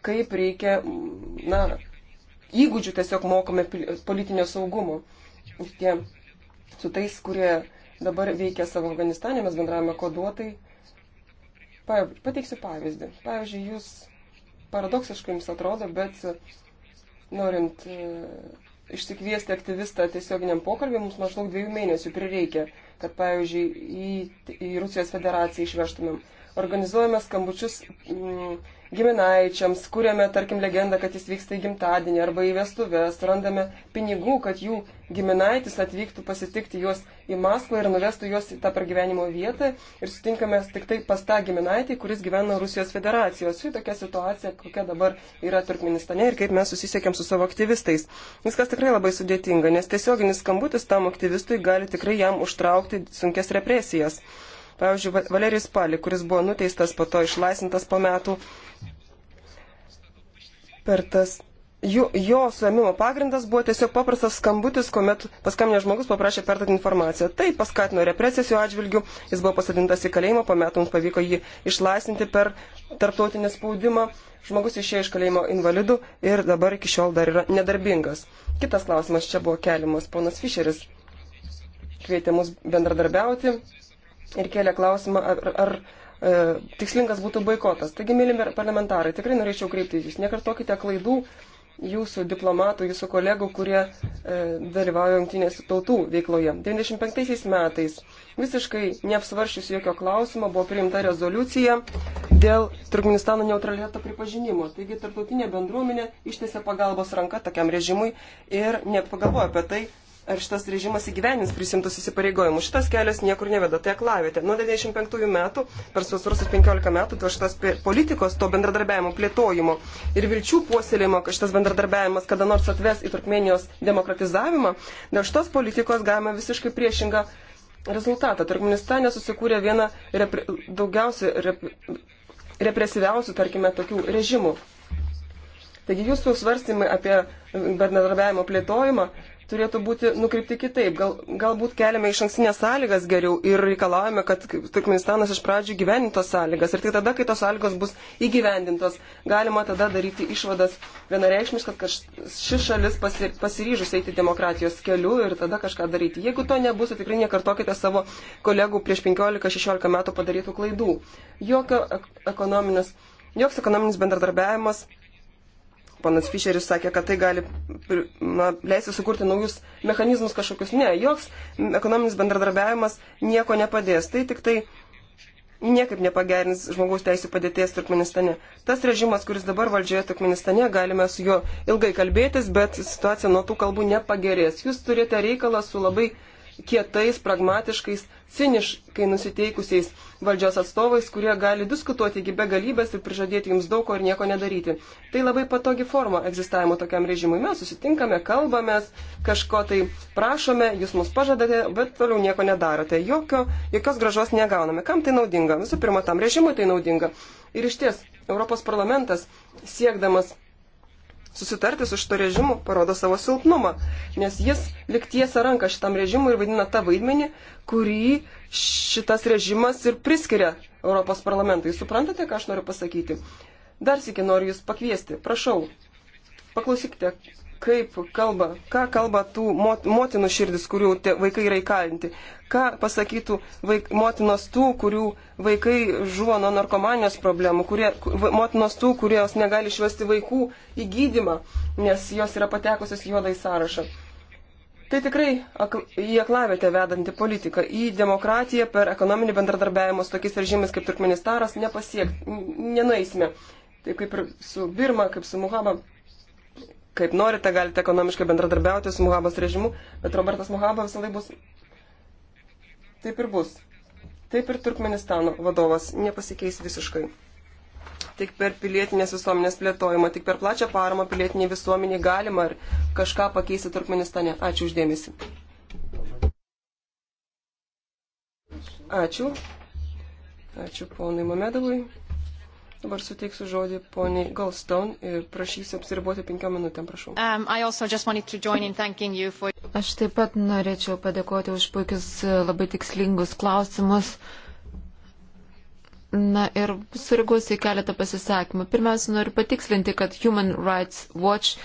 kaip reikia, na, įgūdžių tiesiog mokome politinio saugumo. Ir tie su tais, kurie dabar veikia savo Afganistane, mes bendravome koduotai. Pateiksiu pavyzdį. Pavyzdžiui, jūs paradoksiškai jums atrodo, bet e, norint e, išsikviesti aktyvistą tiesioginiam pokalbiui, mums maždaug dviejų mėnesių prireikia, kad, pavyzdžiui, į, į Rusijos federaciją išvežtumėm organizuojame skambučius mm, giminaičiams, kuriame, tarkim, legendą, kad jis vyksta į gimtadienį arba į vestuves, randame pinigų, kad jų giminaitis atvyktų pasitikti juos į Maskvą ir nuvestų juos į tą pragyvenimo vietą ir sutinkame tik tai pas tą giminaitį, kuris gyvena Rusijos federacijos. Štai tokia situacija, kokia dabar yra Turkmenistane ir kaip mes susisiekėm su savo aktyvistais. Viskas tikrai labai sudėtinga, nes tiesioginis skambutis tam aktyvistui gali tikrai jam užtraukti sunkes represijas. Pavyzdžiui, Valerijus Pali, kuris buvo nuteistas, po to išlaisintas po metų. Per tas jo, jo suėmimo pagrindas buvo tiesiog paprastas skambutis, kuomet paskambinęs žmogus paprašė perduoti informaciją. Tai paskatino represijas jo atžvilgių, jis buvo pasadintas į kalėjimą, po metų mums pavyko jį išlaisinti per tarptautinį spaudimą. Žmogus išėjo iš kalėjimo invalidų ir dabar iki šiol dar yra nedarbingas. Kitas klausimas čia buvo keliamas. Ponas Fischeris kvietė mus bendradarbiauti ir kėlė klausimą, ar, ar e, tikslingas būtų boikotas. Taigi, mylimi parlamentarai, tikrai norėčiau kreiptis jūs. Nekartokite klaidų jūsų diplomatų, jūsų kolegų, kurie e, dalyvauja jungtinės tautų veikloje. 95 metais visiškai neapsvaršius jokio klausimo buvo priimta rezoliucija dėl Turkmenistano neutraliteto pripažinimo. Taigi tarptautinė bendruomenė ištėse pagalbos ranką tokiam režimui ir nepagalvojo apie tai, ar šitas režimas įgyvenins prisimtus įsipareigojimus. Šitas kelias niekur neveda, tai aklavėte. Nuo 95 metų, per susirusius 15 metų, dėl tai šitas politikos, to bendradarbiavimo plėtojimo ir vilčių puoselėjimo, kad šitas bendradarbiavimas kada nors atves į Turkmenijos demokratizavimą, dėl šitos politikos gavome visiškai priešingą rezultatą. Turkmenistane susikūrė viena repre, daugiausiai repre, represyviausių, tarkime, tokių režimų. Taigi jūsų svarstymai apie bendradarbiavimo plėtojimą turėtų būti nukreipti kitaip. Gal, galbūt keliame iš ankstinės sąlygas geriau ir reikalavome, kad Turkmenistanas iš pradžių gyvenintos sąlygas. Ir tik tada, kai tos sąlygos bus įgyvendintos, galima tada daryti išvadas vienareikšmiškas, kad ši šalis pasi, pasiryžus eiti demokratijos keliu ir tada kažką daryti. Jeigu to nebus, tai tikrai nekartokite savo kolegų prieš 15-16 metų padarytų klaidų. Jokio ekonominis, joks ekonominis bendradarbiavimas Panas Fischeris sakė, kad tai gali na, leisti sukurti naujus mechanizmus kažkokius. Ne, joks ekonominis bendradarbiavimas nieko nepadės. Tai tik tai niekaip nepagerins žmogaus teisų padėties Turkmenistane. Tas režimas, kuris dabar valdžioje Turkmenistane, galime su juo ilgai kalbėtis, bet situacija nuo tų kalbų nepagerės. Jūs turite reikalą su labai kietais, pragmatiškais, ciniškai nusiteikusiais valdžios atstovais, kurie gali diskutuoti iki begalybės ir prižadėti jums daug ko ir nieko nedaryti. Tai labai patogi forma egzistavimo tokiam režimui. Mes susitinkame, kalbamės, kažko tai prašome, jūs mus pažadate, bet toliau nieko nedarote. Jokio, jokios gražos negauname. Kam tai naudinga? Visų pirma, tam režimui tai naudinga. Ir iš ties, Europos parlamentas siekdamas susitarti su šito režimu, parodo savo silpnumą, nes jis lik tiesia ranką šitam režimui ir vaidina tą vaidmenį, kurį šitas režimas ir priskiria Europos parlamentui. Suprantate, ką aš noriu pasakyti? Dar sėki noriu Jūs pakviesti. Prašau, paklausykite, kaip kalba, ką kalba tų mot, motinų širdis, kurių te, vaikai yra įkalinti, ką pasakytų vaik, motinos tų, kurių vaikai žuvo nuo narkomanijos problemų, kurie, motinos tų, kurios negali išvesti vaikų į gydimą, nes jos yra patekusios juodai sąrašą. Tai tikrai akl, į aklavietę vedanti politika, į demokratiją per ekonominį bendradarbiavimą su tokiais režimais kaip Turkmenistaras nepasiekt, nenueisime. Taip kaip ir su Birma, kaip su Muhammadu kaip norite, galite ekonomiškai bendradarbiauti su Muhabos režimu, bet Robertas Muhaba visą laiką bus. Taip ir bus. Taip ir Turkmenistano vadovas nepasikeis visiškai. Tik per pilietinės visuomenės plėtojimą, tik per plačią paramą pilietiniai visuomeniai galima ir kažką pakeisti Turkmenistane. Ačiū uždėmesi. Ačiū. Ačiū ponui Mamedovui. Dabar suteiksiu žodį poniai Goldstone ir prašysiu apsiriboti penkiom minutėm, prašau. Um, for... Aš taip pat norėčiau padėkoti už puikius e, labai tikslingus klausimus. Na ir suriguosiu į keletą pasisakymų. Pirmiausia, noriu patikslinti, kad Human Rights Watch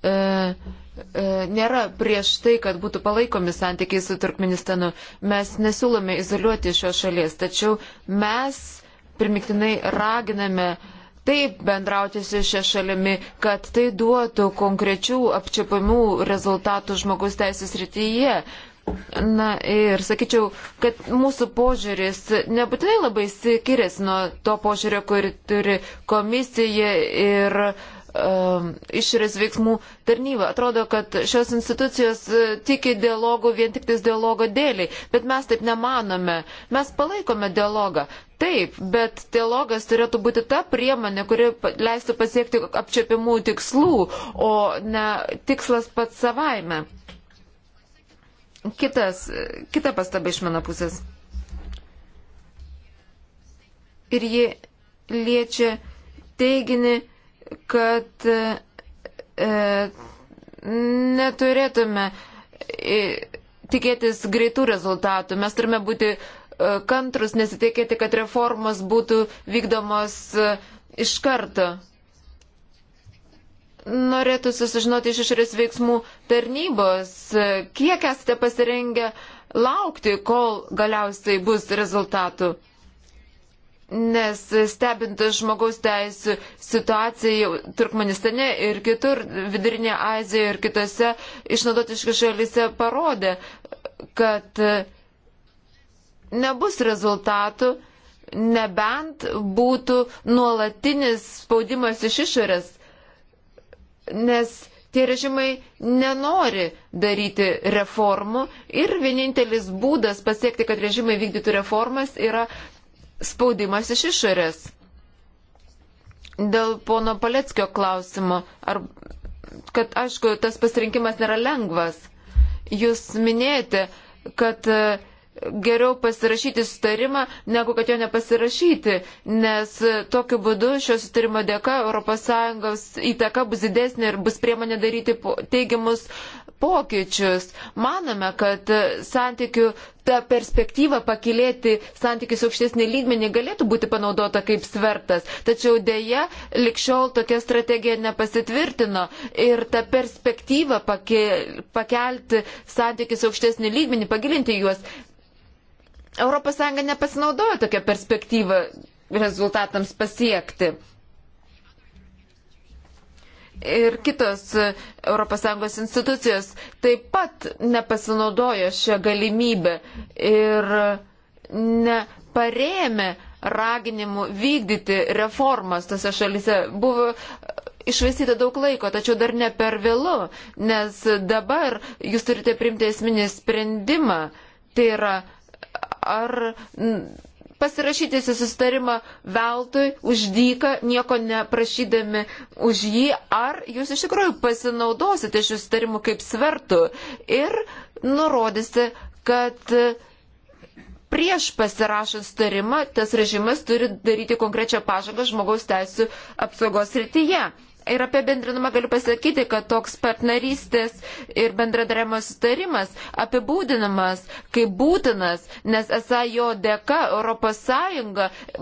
e, e, nėra prieš tai, kad būtų palaikomi santykiai su Turkmenistanu. Mes nesiūlome izoliuoti šios šalies, tačiau mes primiktinai raginame taip bendrauti su šia šalimi, kad tai duotų konkrečių apčiapamų rezultatų žmogus teisės rytyje. Na ir sakyčiau, kad mūsų požiūris nebūtinai labai skiriasi nuo to požiūrio, kurį turi komisija ir uh, Um, išorės veiksmų tarnybą. Atrodo, kad šios institucijos e, tiki dialogų vien tik tais dialogo dėliai, bet mes taip nemanome. Mes palaikome dialogą. Taip, bet dialogas turėtų būti ta priemonė, kuri leistų pasiekti apčiapimų tikslų, o ne tikslas pats savaime. Kitas, kita pastaba iš mano pusės. Ir ji liečia teiginį kad e, e neturėtume e, tikėtis greitų rezultatų. Mes turime būti e, kantrus, nesitikėti, kad reformos būtų vykdomos iš karto. Norėtųsi sužinoti iš išorės veiksmų tarnybos, kiek esate pasirengę laukti, kol galiausiai bus rezultatų nes stebint žmogaus teisų situaciją Turkmenistane ir kitur, Vidurinėje Azijoje ir kitose išnaudotiškose šalyse parodė, kad nebus rezultatų, nebent būtų nuolatinis spaudimas iš išorės, nes tie režimai nenori daryti reformų ir vienintelis būdas pasiekti, kad režimai vykdytų reformas, yra spaudimas iš išorės. Dėl pono Paleckio klausimo, ar, kad aišku, tas pasirinkimas nėra lengvas. Jūs minėjote, kad e, geriau pasirašyti sutarimą, negu kad jo nepasirašyti, nes e, tokiu būdu šio sutarimo dėka ES įtaka bus didesnė ir bus priemonė daryti teigiamus uh, pokyčius. Manome, kad santykių ta perspektyva pakilėti santykius aukštesnį lygmenį galėtų būti panaudota kaip svertas. Tačiau dėja, likščiol tokia strategija nepasitvirtino ir ta perspektyva pake, pakelti santykius aukštesnį lygmenį, pagilinti juos. ES nepasinaudojo tokią perspektyvą rezultatams pasiekti ir kitos ES institucijos taip pat nepasinaudojo šią galimybę ir neparėmė raginimų vykdyti reformas tose šalise. Buvo išvaistyta daug laiko, tačiau dar ne per vėlu, nes dabar jūs turite primti esminį sprendimą. Tai yra, ar pasirašyti susitarimą veltui, už dyką, nieko neprašydami už jį, ar jūs iš tikrųjų pasinaudosite šių susitarimų kaip svertų ir nurodysite, kad prieš pasirašant starimą tas režimas turi daryti konkrečią pažangą žmogaus teisų apsaugos rytyje. Ir apie bendrinumą galiu pasakyti, kad toks partnerystės ir bendradarimo sutarimas apibūdinamas kaip būtinas, nes esą jo dėka ES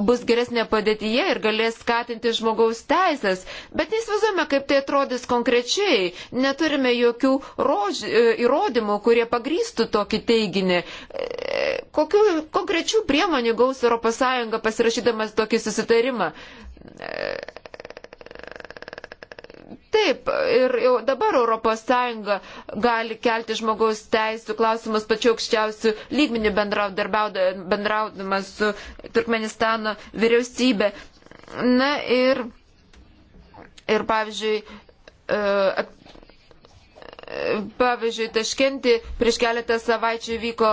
bus geresnė padėtyje ir galės skatinti žmogaus teisės. Bet nesvizome, kaip tai atrodys konkrečiai. Neturime jokių rož... įrodymų, kurie pagrįstų tokį teiginį. Kokių konkrečių priemonių gaus ES pasirašydamas tokį susitarimą? Taip, ir jau dabar ES gali kelti žmogaus teisų klausimus pačiu aukščiausiu lygmeniu bendraudama su Turkmenistano vyriausybė. Na ir, ir pavyzdžiui, e, Pavyzdžiui, Taškenti prieš keletą savaičių vyko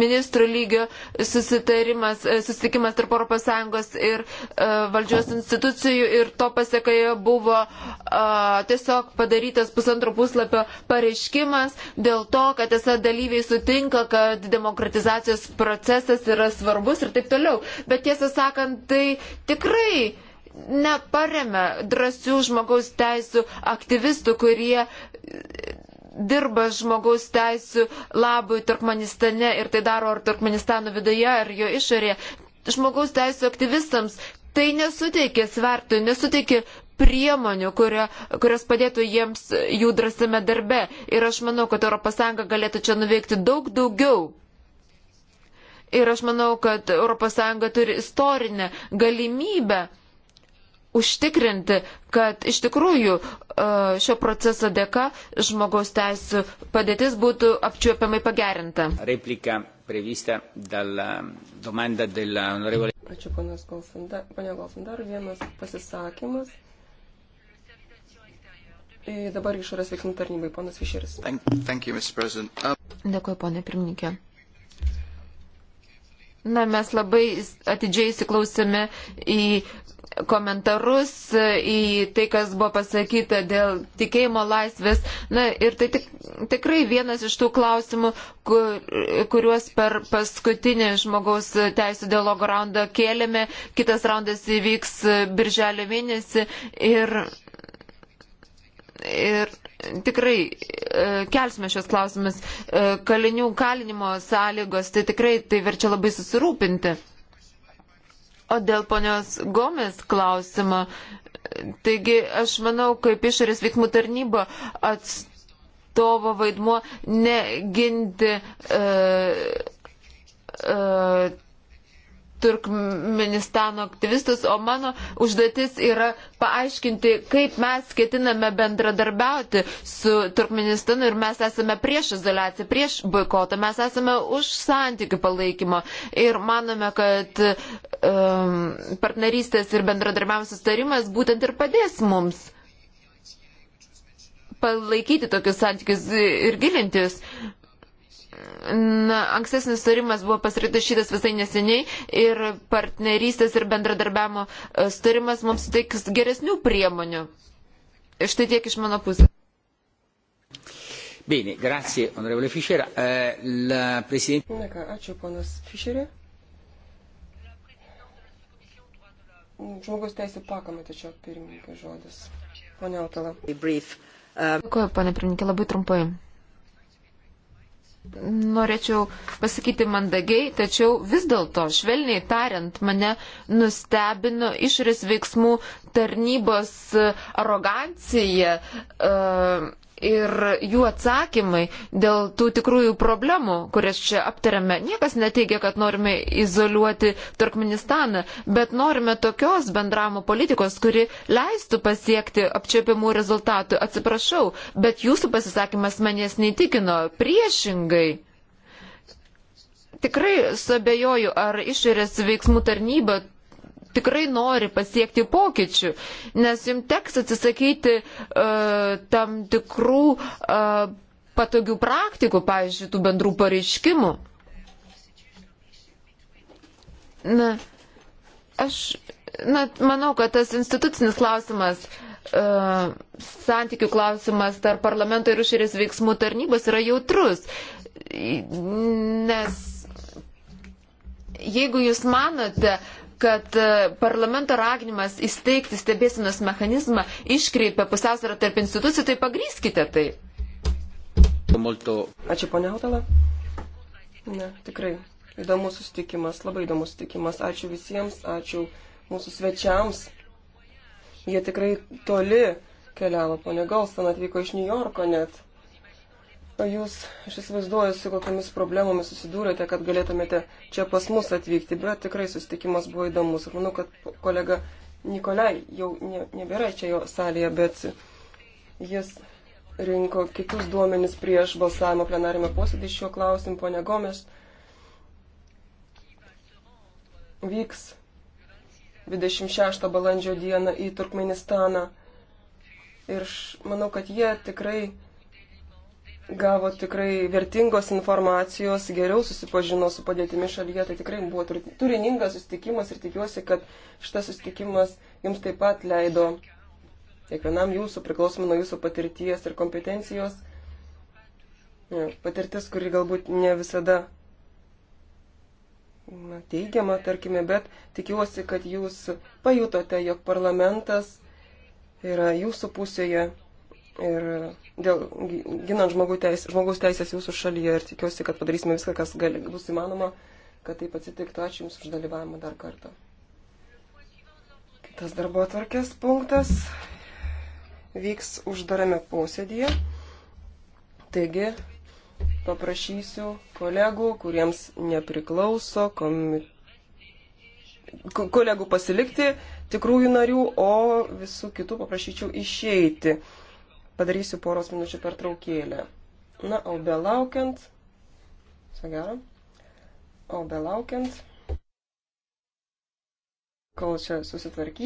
ministrų lygio e, susitikimas tarp ES ir e, valdžios institucijų ir to pasiekoje buvo a, tiesiog padarytas pusantro puslapio pareiškimas dėl to, kad esą dalyviai sutinka, kad demokratizacijos procesas yra svarbus ir taip toliau. Bet tiesą sakant, tai tikrai neparemia drąsių žmogaus teisų aktyvistų, kurie dirba žmogaus teisų labui Turkmenistane ir tai daro ar Turkmenistano viduje, ar jo išorėje. Žmogaus teisų aktyvistams tai nesuteikia svertų, nesuteikia priemonių, kurio, kurios padėtų jiems jų drąsime darbe. Ir aš manau, kad ES galėtų čia nuveikti daug daugiau. Ir aš manau, kad ES turi istorinę galimybę užtikrinti, kad iš tikrųjų e, šio proceso dėka žmogaus teisų padėtis būtų apčiuopiamai pagerinta. Replika prevista dalla e, domanda dell'onorevole. Ačiū, ponia Golfundar, vienas pasisakymas. Ir e, dabar išorės veiksmų tarnybai, ponas Višeris. Uh, Dėkuoju, ponė pirmininkė. Na, mes labai atidžiai įsiklausėme į komentarus e, į tai, kas buvo pasakyta dėl tikėjimo laisvės. Na ir tai tik, tikrai vienas iš tų klausimų, kur, kuriuos per paskutinį žmogaus teisų dialogo raundą kėlėme. Kitas raundas įvyks e, birželio mėnesį ir. Ir tikrai e, kelsime šios klausimus. Kalinių kalinimo sąlygos, tai tikrai tai verčia labai susirūpinti. O dėl ponios Gomis klausimo, taigi aš manau, kaip išorės veiksmų tarnyba atstovo vaidmuo neginti. Uh, e, uh, e, Turkmenistano aktyvistus, o mano užduotis yra paaiškinti, kaip mes ketiname bendradarbiauti su Turkmenistanu ir mes esame prieš izolaciją, prieš boikotą, mes esame už santykių palaikymą ir manome, kad um, partnerystės ir bendradarbiavimas sustarimas būtent ir padės mums palaikyti tokius santykius ir gilintis. Na, ankstesnis sutarimas buvo pasirašytas visai neseniai ir partnerystės ir bendradarbiavimo e, sutarimas mums suteiks geresnių priemonių. Štai tiek iš mano pusės. Bene, grazie, onorevole Fischera. Eh, la presidente... Na ką, ačiū, ponas Fischerė. Žmogus teisų pakamatečio pirmininkai žodis. Pone Altala. Um, Dėkuoju, pane pirmininkė, labai trumpai norėčiau pasakyti mandagiai, tačiau vis dėlto, švelniai tariant, mane nustebino išorės veiksmų tarnybos arogancija. Uh, ir jų atsakymai dėl tų tikrųjų problemų, kurias čia aptariame. Niekas neteigia, kad norime izoliuoti Turkmenistaną, bet norime tokios bendravimo politikos, kuri leistų pasiekti apčiopiamų rezultatų. Atsiprašau, bet jūsų pasisakymas manęs neįtikino. Priešingai. Tikrai sabejoju, ar išorės veiksmų tarnyba tikrai nori pasiekti pokyčių, nes jums teks atsisakyti uh, tam tikrų uh, patogių praktikų, pavyzdžiui, tų bendrų pareiškimų. Na, aš na, manau, kad tas institucinis klausimas, uh, santykių klausimas tarp parlamento ir išorės veiksmų tarnybos yra jautrus. Nes jeigu jūs manote, kad e, parlamento raginimas įsteigti stebėsinos mechanizmą iškreipia pusiausvyrą tarp institucijų, tai pagryskite tai. Ačiū, ponia Hautala. Ne, tikrai įdomus susitikimas, labai įdomus susitikimas. Ačiū visiems, ačiū mūsų svečiams. Jie tikrai toli keliavo, ponia Galston atvyko iš New Yorko net. Jūs, aš įsivaizduoju, su kokiamis problemomis susidūrėte, kad galėtumėte čia pas mus atvykti, bet tikrai susitikimas buvo įdomus. Ir manau, kad kolega Nikolai jau ne, nebėra čia jo salėje, bet jis rinko kitus duomenis prieš balsavimo plenarime posėdį šiuo klausimu, ponė Gomes. Vyks 26 balandžio dieną į Turkmenistaną. Ir š, manau, kad jie tikrai gavo tikrai vertingos informacijos, geriau susipažino su padėtimi šalyje, tai tikrai buvo turiningas susitikimas ir tikiuosi, kad šitas susitikimas jums taip pat leido kiekvienam jūsų, priklausomai nuo jūsų patirties ir kompetencijos, patirtis, kuri galbūt ne visada na, teigiama, tarkime, bet tikiuosi, kad jūs pajutote, jog parlamentas yra jūsų pusėje ir dėl ginant teis, žmogaus teisės jūsų šalyje ir tikiuosi, kad padarysime viską, kas gali, bus įmanoma, kad taip atsitiktų. Ačiū Jums už dalyvavimą dar kartą. Kitas darbo atvarkės punktas vyks uždarame posėdėje. Taigi, paprašysiu kolegų, kuriems nepriklauso komitetų kolegų pasilikti, tikrųjų narių, o visų kitų paprašyčiau išeiti padarysiu poros minučių per traukėlę. Na, o belaukiant, visą gerą, o belaukiant, kol čia susitvarkysiu.